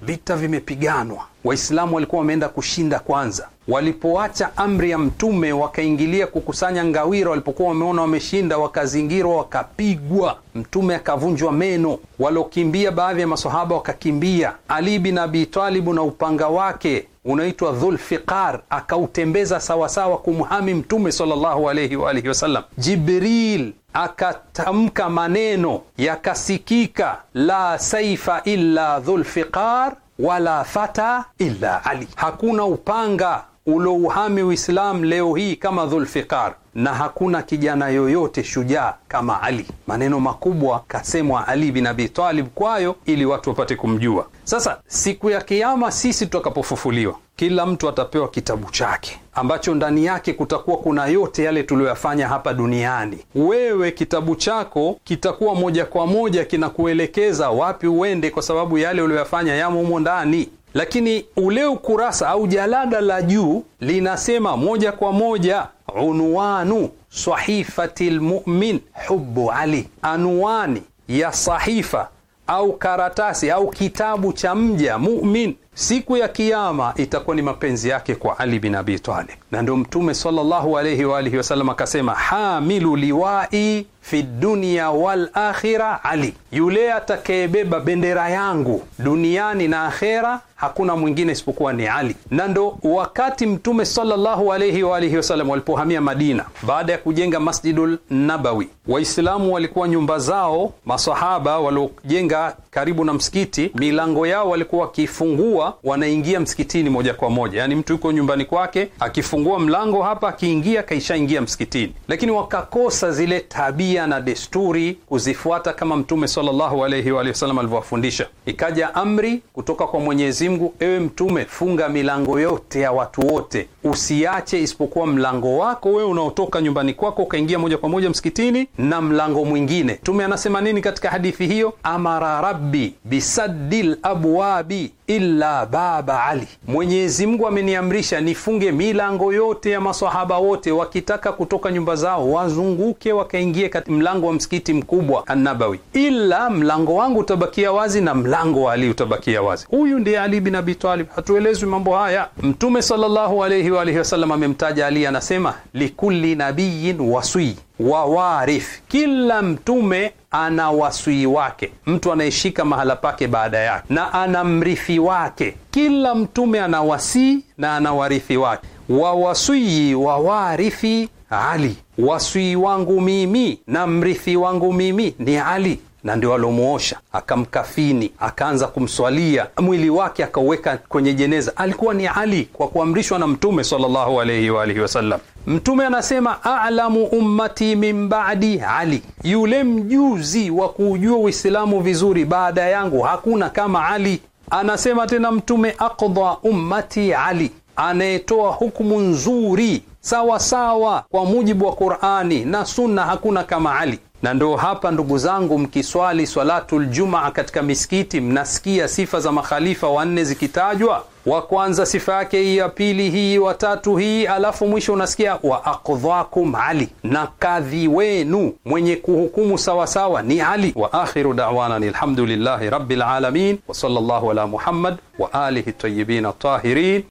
vita vimepiganwa, Waislamu walikuwa wameenda kushinda kwanza. Walipoacha amri ya Mtume, wakaingilia kukusanya ngawira. Walipokuwa wameona wameshinda, wakazingirwa, wakapigwa, Mtume akavunjwa meno. Waliokimbia, baadhi ya masahaba wakakimbia. Ali bin Abi Talibu na upanga wake unaitwa Dhulfiqar akautembeza sawasawa kumhami Mtume sallallahu alayhi wa alihi wasallam. Jibril akatamka maneno yakasikika, la saifa illa dhulfiqar wala fata illa Ali. Hakuna upanga ulouhami Uislamu leo hii kama Dhulfiqar na hakuna kijana yoyote shujaa kama Ali. Maneno makubwa kasemwa Ali bin Abi Talib kwayo, ili watu wapate kumjua. Sasa siku ya Kiama sisi tutakapofufuliwa, kila mtu atapewa kitabu chake ambacho ndani yake kutakuwa kuna yote yale tuliyoyafanya hapa duniani. Wewe kitabu chako kitakuwa moja kwa moja kinakuelekeza wapi uende, kwa sababu yale uliyoyafanya yamo humo ndani lakini ule ukurasa au jalada la juu linasema moja kwa moja unwanu sahifati lmumin hubu Ali, anwani ya sahifa au karatasi au kitabu cha mja mumin siku ya kiama itakuwa ni mapenzi yake kwa Ali bin Abi Talib. Na ndio Mtume sallallahu alayhi wa alihi wasallam akasema hamilu liwai fi dunia wal akhira Ali, yule atakayebeba bendera yangu duniani na akhera, hakuna mwingine isipokuwa ni Ali. Na ndo wakati Mtume sallallahu wa alihi wasallam walipohamia Madina baada ya kujenga Masjidul Nabawi, Waislamu walikuwa nyumba zao, masahaba waliojenga karibu na msikiti, milango yao walikuwa wakifungua, wanaingia msikitini moja kwa moja. Yani mtu yuko nyumbani kwake akifungua mlango hapa, akiingia kaishaingia msikitini, lakini wakakosa zile tabia tabia na desturi kuzifuata kama Mtume sallallahu alaihi wa wa sallam alivyowafundisha. Ikaja amri kutoka kwa Mwenyezi Mungu, ewe Mtume, funga milango yote ya watu wote, usiache isipokuwa mlango wako wewe unaotoka nyumbani kwako ukaingia moja kwa moja msikitini na mlango mwingine. Mtume anasema nini katika hadithi hiyo? Amara rabbi bisaddil abwabi illa baba Ali, Mwenyezi Mungu ameniamrisha nifunge milango yote ya masahaba wote, wakitaka kutoka nyumba zao wazunguke wakaingie kati mlango wa msikiti mkubwa Annabawi, ila mlango wangu utabakia wazi na mlango wa Ali utabakia wazi. Huyu ndiye Ali bin Abi Talib. Hatuelezwi mambo haya. Mtume sallallahu alayhi wa alihi wasallam amemtaja Ali, anasema likulli nabiyin wasii wa warith, kila mtume ana wasii wake, mtu anayeshika mahala pake baada yake, na ana mrithi wake. Kila mtume ana wasii na ana warithi wake. wa wasii wa warithi Ali, wasii wangu mimi na mrithi wangu mimi ni Ali na ndio alomwosha akamkafini, akaanza kumswalia mwili wake, akauweka kwenye jeneza. Alikuwa ni Ali kwa kuamrishwa na Mtume sallallahu wa alihi wasallam. Mtume anasema alamu ummati min ba'di Ali, yule mjuzi wa kuujua Uislamu vizuri baada yangu hakuna kama Ali. Anasema tena Mtume aqdha ummati Ali, anayetoa hukumu nzuri sawasawa kwa mujibu wa Qur'ani na Sunna, hakuna kama Ali. Na ndo hapa ndugu zangu, mkiswali swalatu jumaa katika misikiti, mnasikia sifa za makhalifa wanne zikitajwa wa kwanza sifa yake hii, ya pili hii, wa tatu hii, alafu mwisho unasikia wa aqdhakum Ali, na kadhi wenu mwenye kuhukumu sawasawa ni Ali. Wa akhiru da'wana alhamdulillahi rabbil alamin wa sallallahu ala Muhammad wa alihi tayyibin tahirin.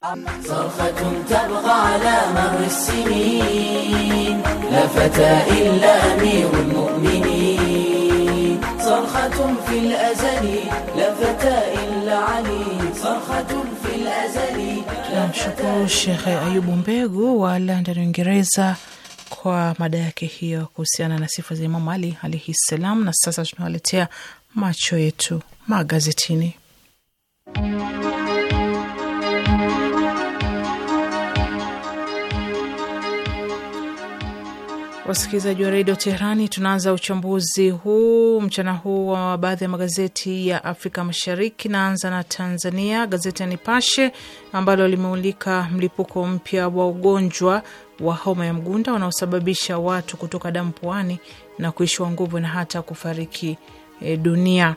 Sarhatun tabqa ala marri sinin la fata illa amirul mu'minin sarhatun fil azali la fata illa Ali sarhatun Namshukuru Shekhe Ayubu Mbegu wa London, Uingereza, kwa mada yake hiyo kuhusiana na sifa za Imamu Ali alaihi ssalam. Na sasa tunawaletea macho yetu magazetini Wasikilizaji wa redio Teherani, tunaanza uchambuzi huu mchana huu wa baadhi ya magazeti ya Afrika Mashariki. Naanza na Tanzania, gazeti ya Nipashe ambalo limeulika mlipuko mpya wa ugonjwa wa homa ya mgunda unaosababisha watu kutoka damu puani na kuishiwa nguvu na hata kufariki e, dunia.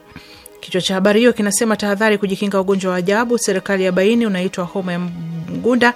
Kichwa cha habari hiyo kinasema, tahadhari kujikinga ugonjwa wa ajabu, serikali ya baini unaitwa homa ya mgunda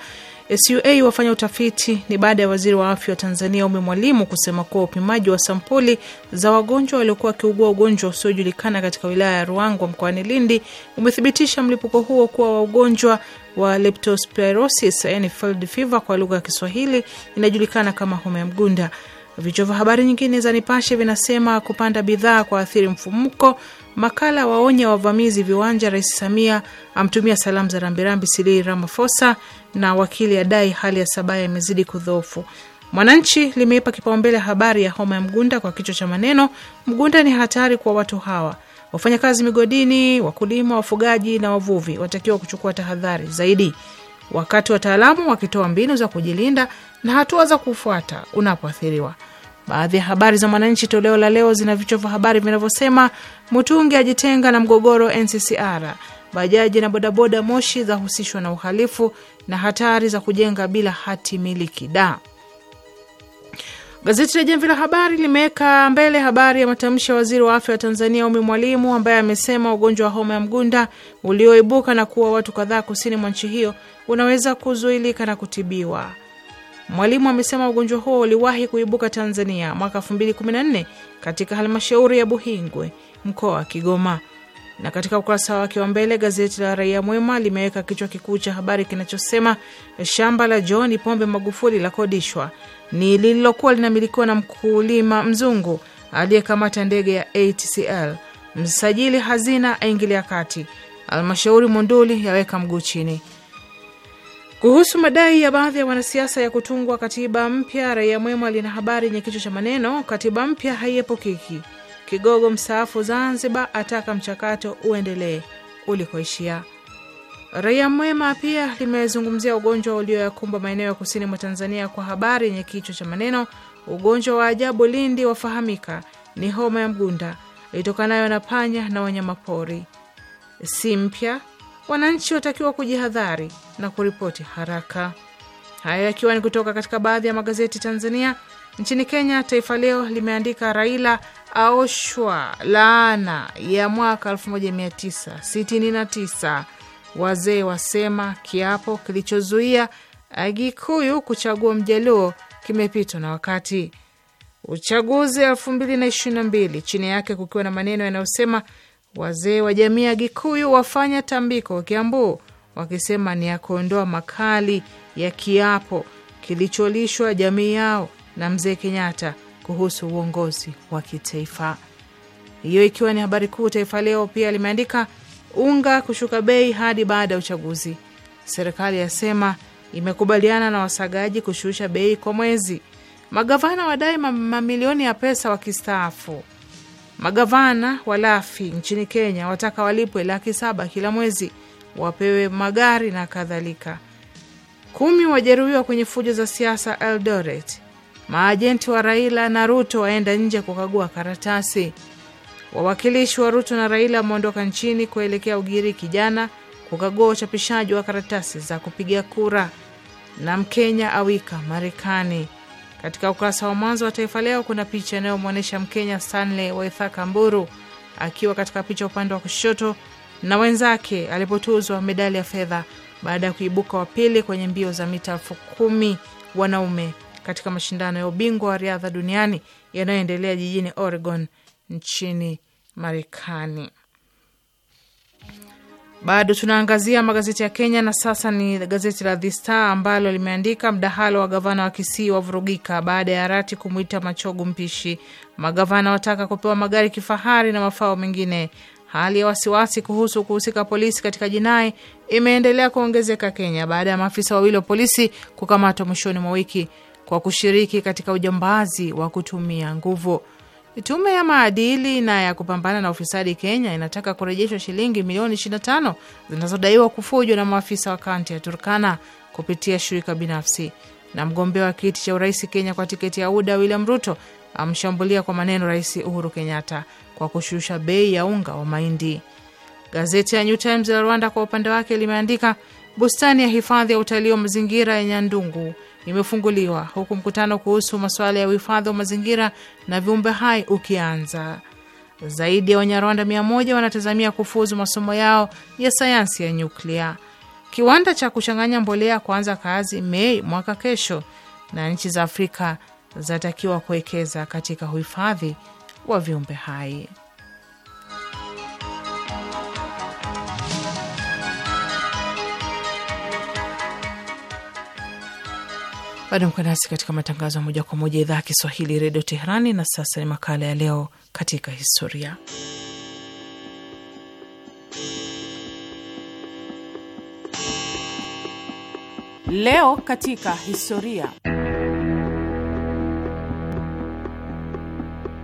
SUA wafanya utafiti ni baada ya waziri wa afya wa Tanzania Ummy Mwalimu kusema kuwa upimaji wa sampuli za wagonjwa waliokuwa wakiugua ugonjwa usiojulikana katika wilaya ya Ruangwa mkoani Lindi umethibitisha mlipuko huo kuwa wa ugonjwa wa leptospirosis, yani field fever kwa lugha ya Kiswahili inajulikana kama homa ya mgunda. Vichwa vya habari nyingine za Nipashe vinasema kupanda bidhaa kwa athiri mfumuko Makala waonya wavamizi viwanja. Rais Samia amtumia salamu za rambirambi Silii Ramafosa na wakili adai hali ya Sabaya imezidi kudhoofu. Mwananchi limeipa kipaumbele habari ya homa ya Mgunda kwa kichwa cha maneno, Mgunda ni hatari kwa watu hawa. Wafanyakazi migodini, wakulima, wafugaji na wavuvi watakiwa kuchukua tahadhari zaidi, wakati wataalamu wakitoa mbinu za kujilinda na hatua za kufuata unapoathiriwa. Baadhi ya habari za Mwananchi toleo la leo zina vichwa vya habari vinavyosema: Mutungi ajitenga na mgogoro NCCR, bajaji na bodaboda Moshi zahusishwa na uhalifu, na hatari za kujenga bila hati miliki da Gazeti la Jamvi la Habari limeweka mbele habari ya matamshi ya waziri wa afya wa Tanzania Umi Mwalimu ambaye amesema ugonjwa wa homa ya mgunda ulioibuka na kuua watu kadhaa kusini mwa nchi hiyo unaweza kuzuilika na kutibiwa. Mwalimu amesema ugonjwa huo uliwahi kuibuka Tanzania mwaka 2014 katika halmashauri ya Buhingwe, mkoa wa Kigoma. Na katika ukurasa wake wa mbele gazeti la Raia Mwema limeweka kichwa kikuu cha habari kinachosema shamba la John Pombe Magufuli la kodishwa Ni lililokuwa linamilikiwa na mkulima mzungu aliyekamata ndege ya ATCL. Msajili hazina aingilia kati, halmashauri Monduli yaweka mguu chini. Kuhusu madai ya baadhi ya wanasiasa ya kutungwa katiba mpya, Raia Mwema lina habari yenye kichwa cha maneno katiba mpya haiepukiki, kigogo mstaafu Zanzibar ataka mchakato uendelee ulikoishia. Raia Mwema pia limezungumzia ugonjwa ulioyakumba maeneo ya kusini mwa Tanzania kwa habari yenye kichwa cha maneno ugonjwa wa ajabu Lindi wafahamika ni homa ya mgunda itokanayo na panya na wanyamapori. Si mpya wananchi watakiwa kujihadhari na kuripoti haraka. Hayo yakiwa ni kutoka katika baadhi ya magazeti Tanzania. Nchini Kenya, Taifa Leo limeandika Raila aoshwa laana ya mwaka 1969 wazee wasema kiapo kilichozuia Agikuyu kuchagua Mjaluo kimepitwa na wakati. Uchaguzi 2022 chini yake kukiwa na maneno yanayosema Wazee wa jamii ya Gikuyu wafanya tambiko Kiambu wakisema ni ya kuondoa makali ya kiapo kilicholishwa jamii yao na mzee Kenyatta kuhusu uongozi wa kitaifa. Hiyo ikiwa ni habari kuu. Taifa Leo pia limeandika unga kushuka bei hadi baada ya uchaguzi. Serikali yasema imekubaliana na wasagaji kushusha bei kwa mwezi. Magavana wadai mamilioni ya pesa wakistaafu. Magavana walafi nchini Kenya wataka walipwe laki saba kila mwezi, wapewe magari na kadhalika. Kumi wajeruhiwa kwenye fujo za siasa Eldoret. Maajenti wa Raila na Ruto waenda nje kukagua karatasi. Wawakilishi wa Ruto na Raila wameondoka nchini kuelekea Ugiriki jana kukagua uchapishaji wa karatasi za kupiga kura. Na Mkenya awika Marekani. Katika ukurasa wa mwanzo wa Taifa Leo kuna picha inayomwonyesha Mkenya Stanley Waithaka Mburu akiwa katika picha upande wa kushoto na wenzake alipotuzwa medali ya fedha baada ya kuibuka wa pili kwenye mbio za mita elfu kumi wanaume katika mashindano ya ubingwa wa riadha duniani yanayoendelea jijini Oregon nchini Marekani. Bado tunaangazia magazeti ya Kenya na sasa ni gazeti la The Star ambalo limeandika mdahalo wa gavana wa Kisii wavurugika baada ya Arati kumwita Machogu mpishi. Magavana wataka kupewa magari kifahari na mafao mengine. Hali ya wasiwasi kuhusu kuhusika polisi katika jinai imeendelea kuongezeka Kenya baada ya maafisa wawili wa polisi kukamatwa mwishoni mwa wiki kwa kushiriki katika ujambazi wa kutumia nguvu. Tume ya maadili na ya kupambana na ufisadi Kenya inataka kurejeshwa shilingi milioni 25 zinazodaiwa kufujwa na maafisa wa kaunti ya Turkana kupitia shirika binafsi. Na mgombea wa kiti cha urais Kenya kwa tiketi ya UDA William Ruto amshambulia kwa maneno Rais Uhuru Kenyatta kwa kushusha bei ya unga wa mahindi. Gazeti ya New Times la Rwanda kwa upande wake limeandika bustani ya hifadhi ya utalii wa mazingira ya Nyandungu imefunguliwa huku mkutano kuhusu masuala ya uhifadhi wa mazingira na viumbe hai ukianza. Zaidi ya Wanyarwanda mia moja wanatazamia kufuzu masomo yao ya sayansi ya nyuklia. Kiwanda cha kuchanganya mbolea kuanza kazi Mei mwaka kesho, na nchi za Afrika zinatakiwa kuwekeza katika uhifadhi wa viumbe hai. Bado mko nasi katika matangazo ya moja kwa moja idhaa ya Kiswahili redio Teherani. Na sasa ni makala ya leo katika historia. Leo katika historia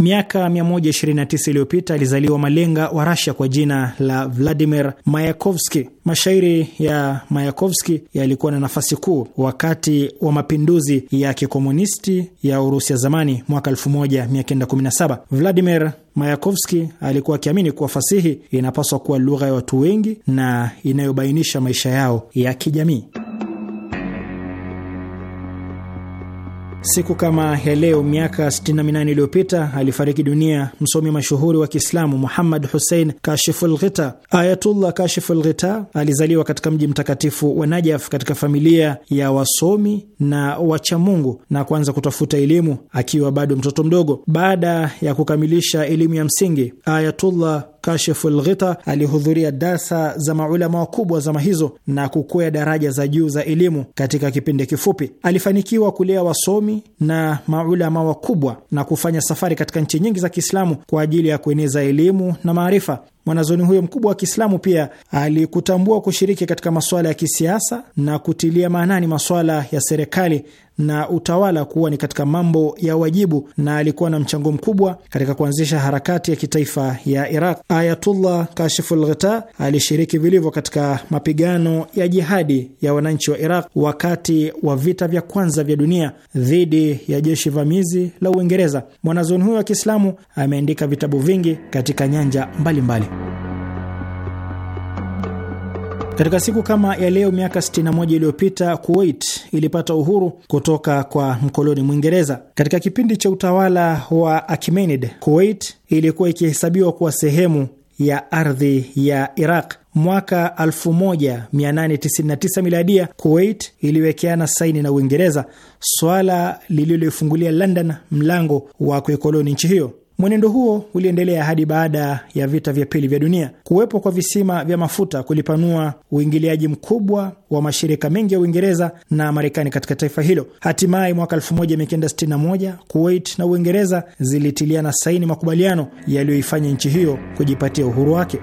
Miaka 129 iliyopita alizaliwa malenga wa rasia kwa jina la Vladimir Mayakovski. Mashairi ya Mayakovski yalikuwa na nafasi kuu wakati wa mapinduzi ya kikomunisti ya Urusi ya zamani mwaka 1917. Vladimir Mayakovski alikuwa akiamini kuwa fasihi inapaswa kuwa lugha ya watu wengi na inayobainisha maisha yao ya kijamii. Siku kama ya leo miaka 68 iliyopita alifariki dunia msomi mashuhuri wa Kiislamu Muhammad Hussein Kashiful Ghita. Ayatullah Kashiful Ghita alizaliwa katika mji mtakatifu wa Najaf katika familia ya wasomi na wachamungu na kuanza kutafuta elimu akiwa bado mtoto mdogo. Baada ya kukamilisha elimu ya msingi, Ayatullah Kashifu Lghita alihudhuria darsa za maulama wakubwa zama hizo na kukwea daraja za juu za elimu katika kipindi kifupi. Alifanikiwa kulea wasomi na maulama wakubwa na kufanya safari katika nchi nyingi za Kiislamu kwa ajili ya kueneza elimu na maarifa. Mwanazoni huyo mkubwa wa Kiislamu pia alikutambua kushiriki katika masuala ya kisiasa na kutilia maanani masuala ya serikali na utawala kuwa ni katika mambo ya wajibu na alikuwa na mchango mkubwa katika kuanzisha harakati ya kitaifa ya Iraq. Ayatullah Kashiful Ghita alishiriki vilivyo katika mapigano ya jihadi ya wananchi wa Iraq wakati wa vita vya kwanza vya dunia dhidi ya jeshi vamizi la Uingereza. mwanazoni huyo wa Kiislamu ameandika vitabu vingi katika nyanja mbalimbali mbali. Katika siku kama ya leo miaka 61 iliyopita Kuwait ilipata uhuru kutoka kwa mkoloni Mwingereza. Katika kipindi cha utawala wa Akimenid, Kuwait ilikuwa ikihesabiwa kuwa sehemu ya ardhi ya Iraq. Mwaka 1899 miladia, Kuwait iliwekeana saini na Uingereza, swala lililoifungulia London mlango wa kuikoloni nchi hiyo. Mwenendo huo uliendelea hadi baada ya vita vya pili vya dunia. Kuwepo kwa visima vya mafuta kulipanua uingiliaji mkubwa wa mashirika mengi ya Uingereza na Marekani katika taifa hilo. Hatimaye mwaka 1961 Kuwait na Uingereza zilitiliana saini makubaliano yaliyoifanya nchi hiyo kujipatia uhuru wake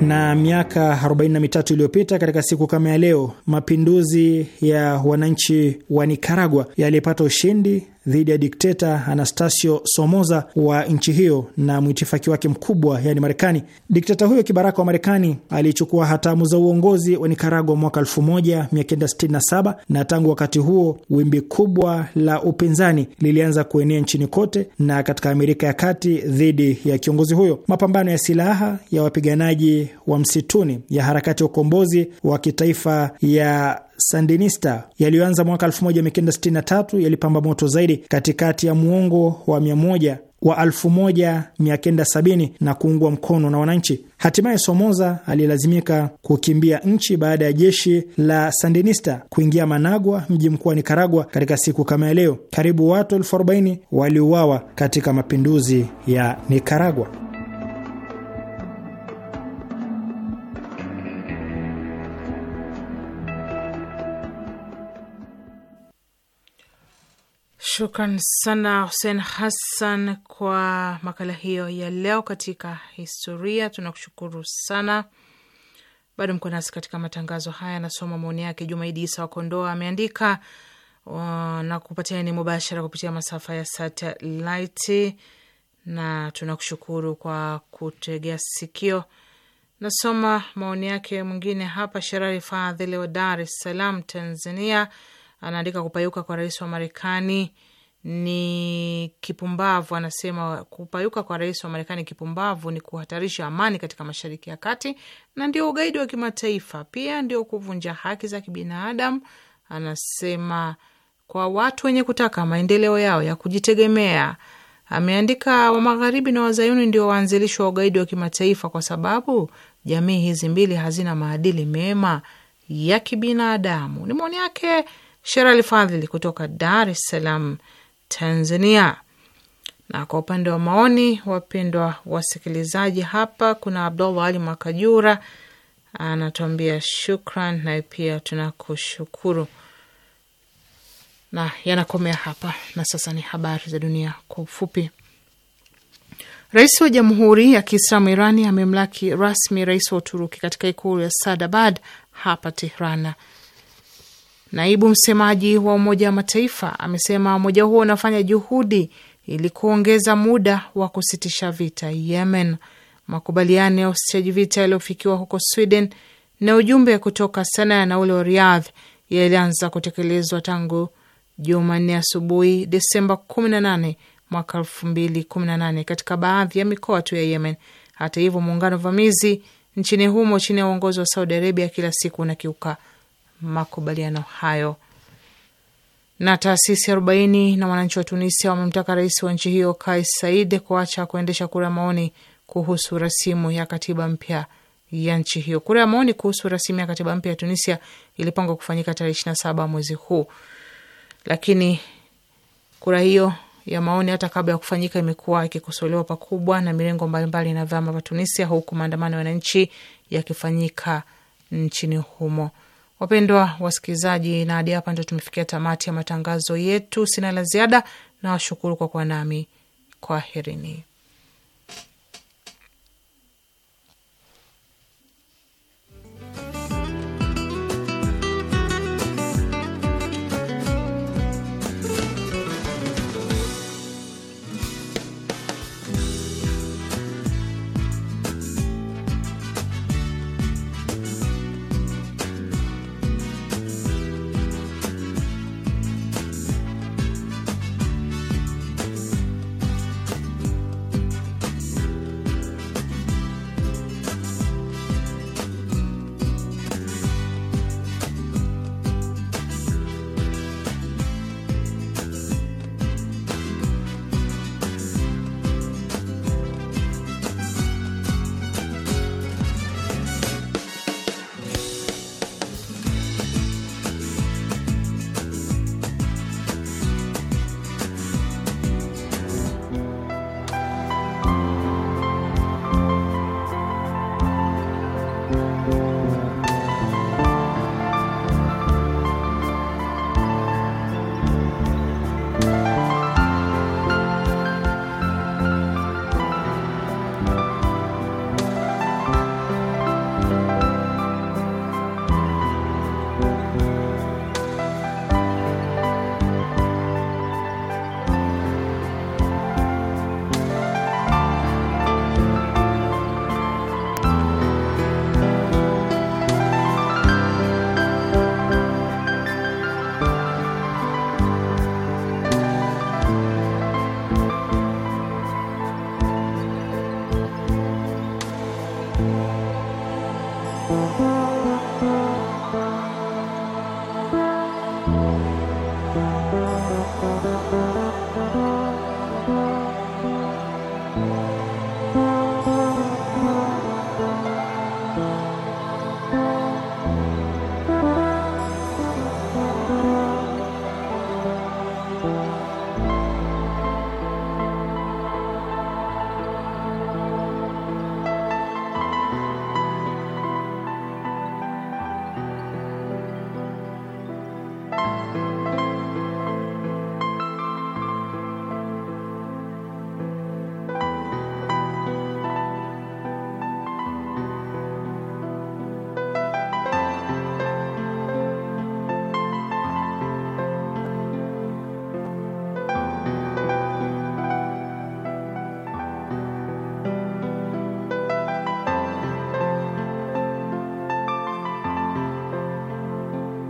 na miaka 43 iliyopita katika siku kama ya leo, mapinduzi ya wananchi wa Nikaragua yalipata ushindi dhidi ya dikteta Anastasio Somoza wa nchi hiyo na mwitifaki wake mkubwa, yani Marekani. Dikteta huyo kibaraka wa Marekani alichukua hatamu za uongozi wa Nikaragua mwaka 1967 na tangu wakati huo wimbi kubwa la upinzani lilianza kuenea nchini kote na katika Amerika ya kati dhidi ya kiongozi huyo. Mapambano ya silaha ya wapiganaji wa msituni ya harakati ya ukombozi wa kitaifa ya Sandinista yaliyoanza mwaka 1963 yalipamba moto zaidi katikati ya muongo wa 100 wa 1970 na kuungwa mkono na wananchi. Hatimaye Somoza alilazimika kukimbia nchi baada ya jeshi la Sandinista kuingia Managua, mji mkuu wa Nikaragua, katika siku kama ya leo. Karibu watu elfu arobaini waliuawa katika mapinduzi ya Nikaragua. Shukran sana Hussein Hassan kwa makala hiyo ya leo katika historia. Tunakushukuru sana. Bado mko nasi katika matangazo haya. Nasoma maoni yake. Jumaidi Isa wa Kondoa ameandika na kupatia ni mubashara kupitia masafa ya satelaiti, na tunakushukuru kwa kutegea sikio. Nasoma maoni yake mwingine hapa. Sherari Fadhili wa Dar es Salaam, Tanzania anaandika kupayuka kwa rais wa Marekani ni kipumbavu. Anasema kupayuka kwa rais wa Marekani kipumbavu ni kuhatarisha amani katika Mashariki ya Kati na ndio ugaidi wa kimataifa, pia ndio kuvunja haki za kibinadamu. Anasema kwa watu wenye kutaka maendeleo yao ya kujitegemea. Ameandika wa magharibi na wazayuni ndio waanzilishi wa ugaidi wa kimataifa, kwa sababu jamii hizi mbili hazina maadili mema ya kibinadamu. Ni maoni yake Sherali Fadhili kutoka Dar es Salaam, Tanzania. Na kwa upande wa maoni, wapendwa wasikilizaji, hapa kuna Abdullah Ali Makajura anatuambia shukran, na pia tunakushukuru na yanakomea hapa. Na sasa ni habari za dunia kwa ufupi. Rais wa Jamhuri ya Kiislamu Irani amemlaki rasmi rais wa Uturuki katika ikulu ya Sadabad hapa Tehran. Naibu msemaji wa Umoja wa Mataifa amesema umoja huo unafanya juhudi ili kuongeza muda wa kusitisha vita Yemen. Makubaliano ya usitishaji vita yaliyofikiwa huko Sweden na ujumbe kutoka Sanaa na ule wa Riyadh yalianza kutekelezwa tangu Jumanne asubuhi Desemba 18 mwaka 2018 katika baadhi ya mikoa tu ya Yemen. Hata hivyo, muungano vamizi nchini humo chini ya uongozi wa Saudi Arabia kila siku unakiuka makubaliano hayo. Na taasisi arobaini na wananchi wa Tunisia wamemtaka rais wa nchi hiyo Kais Said kuacha kuendesha kura ya maoni kuhusu rasimu ya katiba mpya ya nchi hiyo. Kura ya maoni kuhusu rasimu ya katiba mpya ya Tunisia ilipangwa kufanyika tarehe ishirini na saba mwezi huu, lakini kura hiyo ya maoni hata kabla ya kufanyika imekuwa ikikosolewa pakubwa na mirengo mbalimbali na vyama vya Tunisia, huku maandamano ya wananchi yakifanyika nchini humo. Wapendwa wasikilizaji, na hadi hapa ndio tumefikia tamati ya matangazo yetu. Sina la ziada na washukuru kwa kuwa nami. Kwaherini.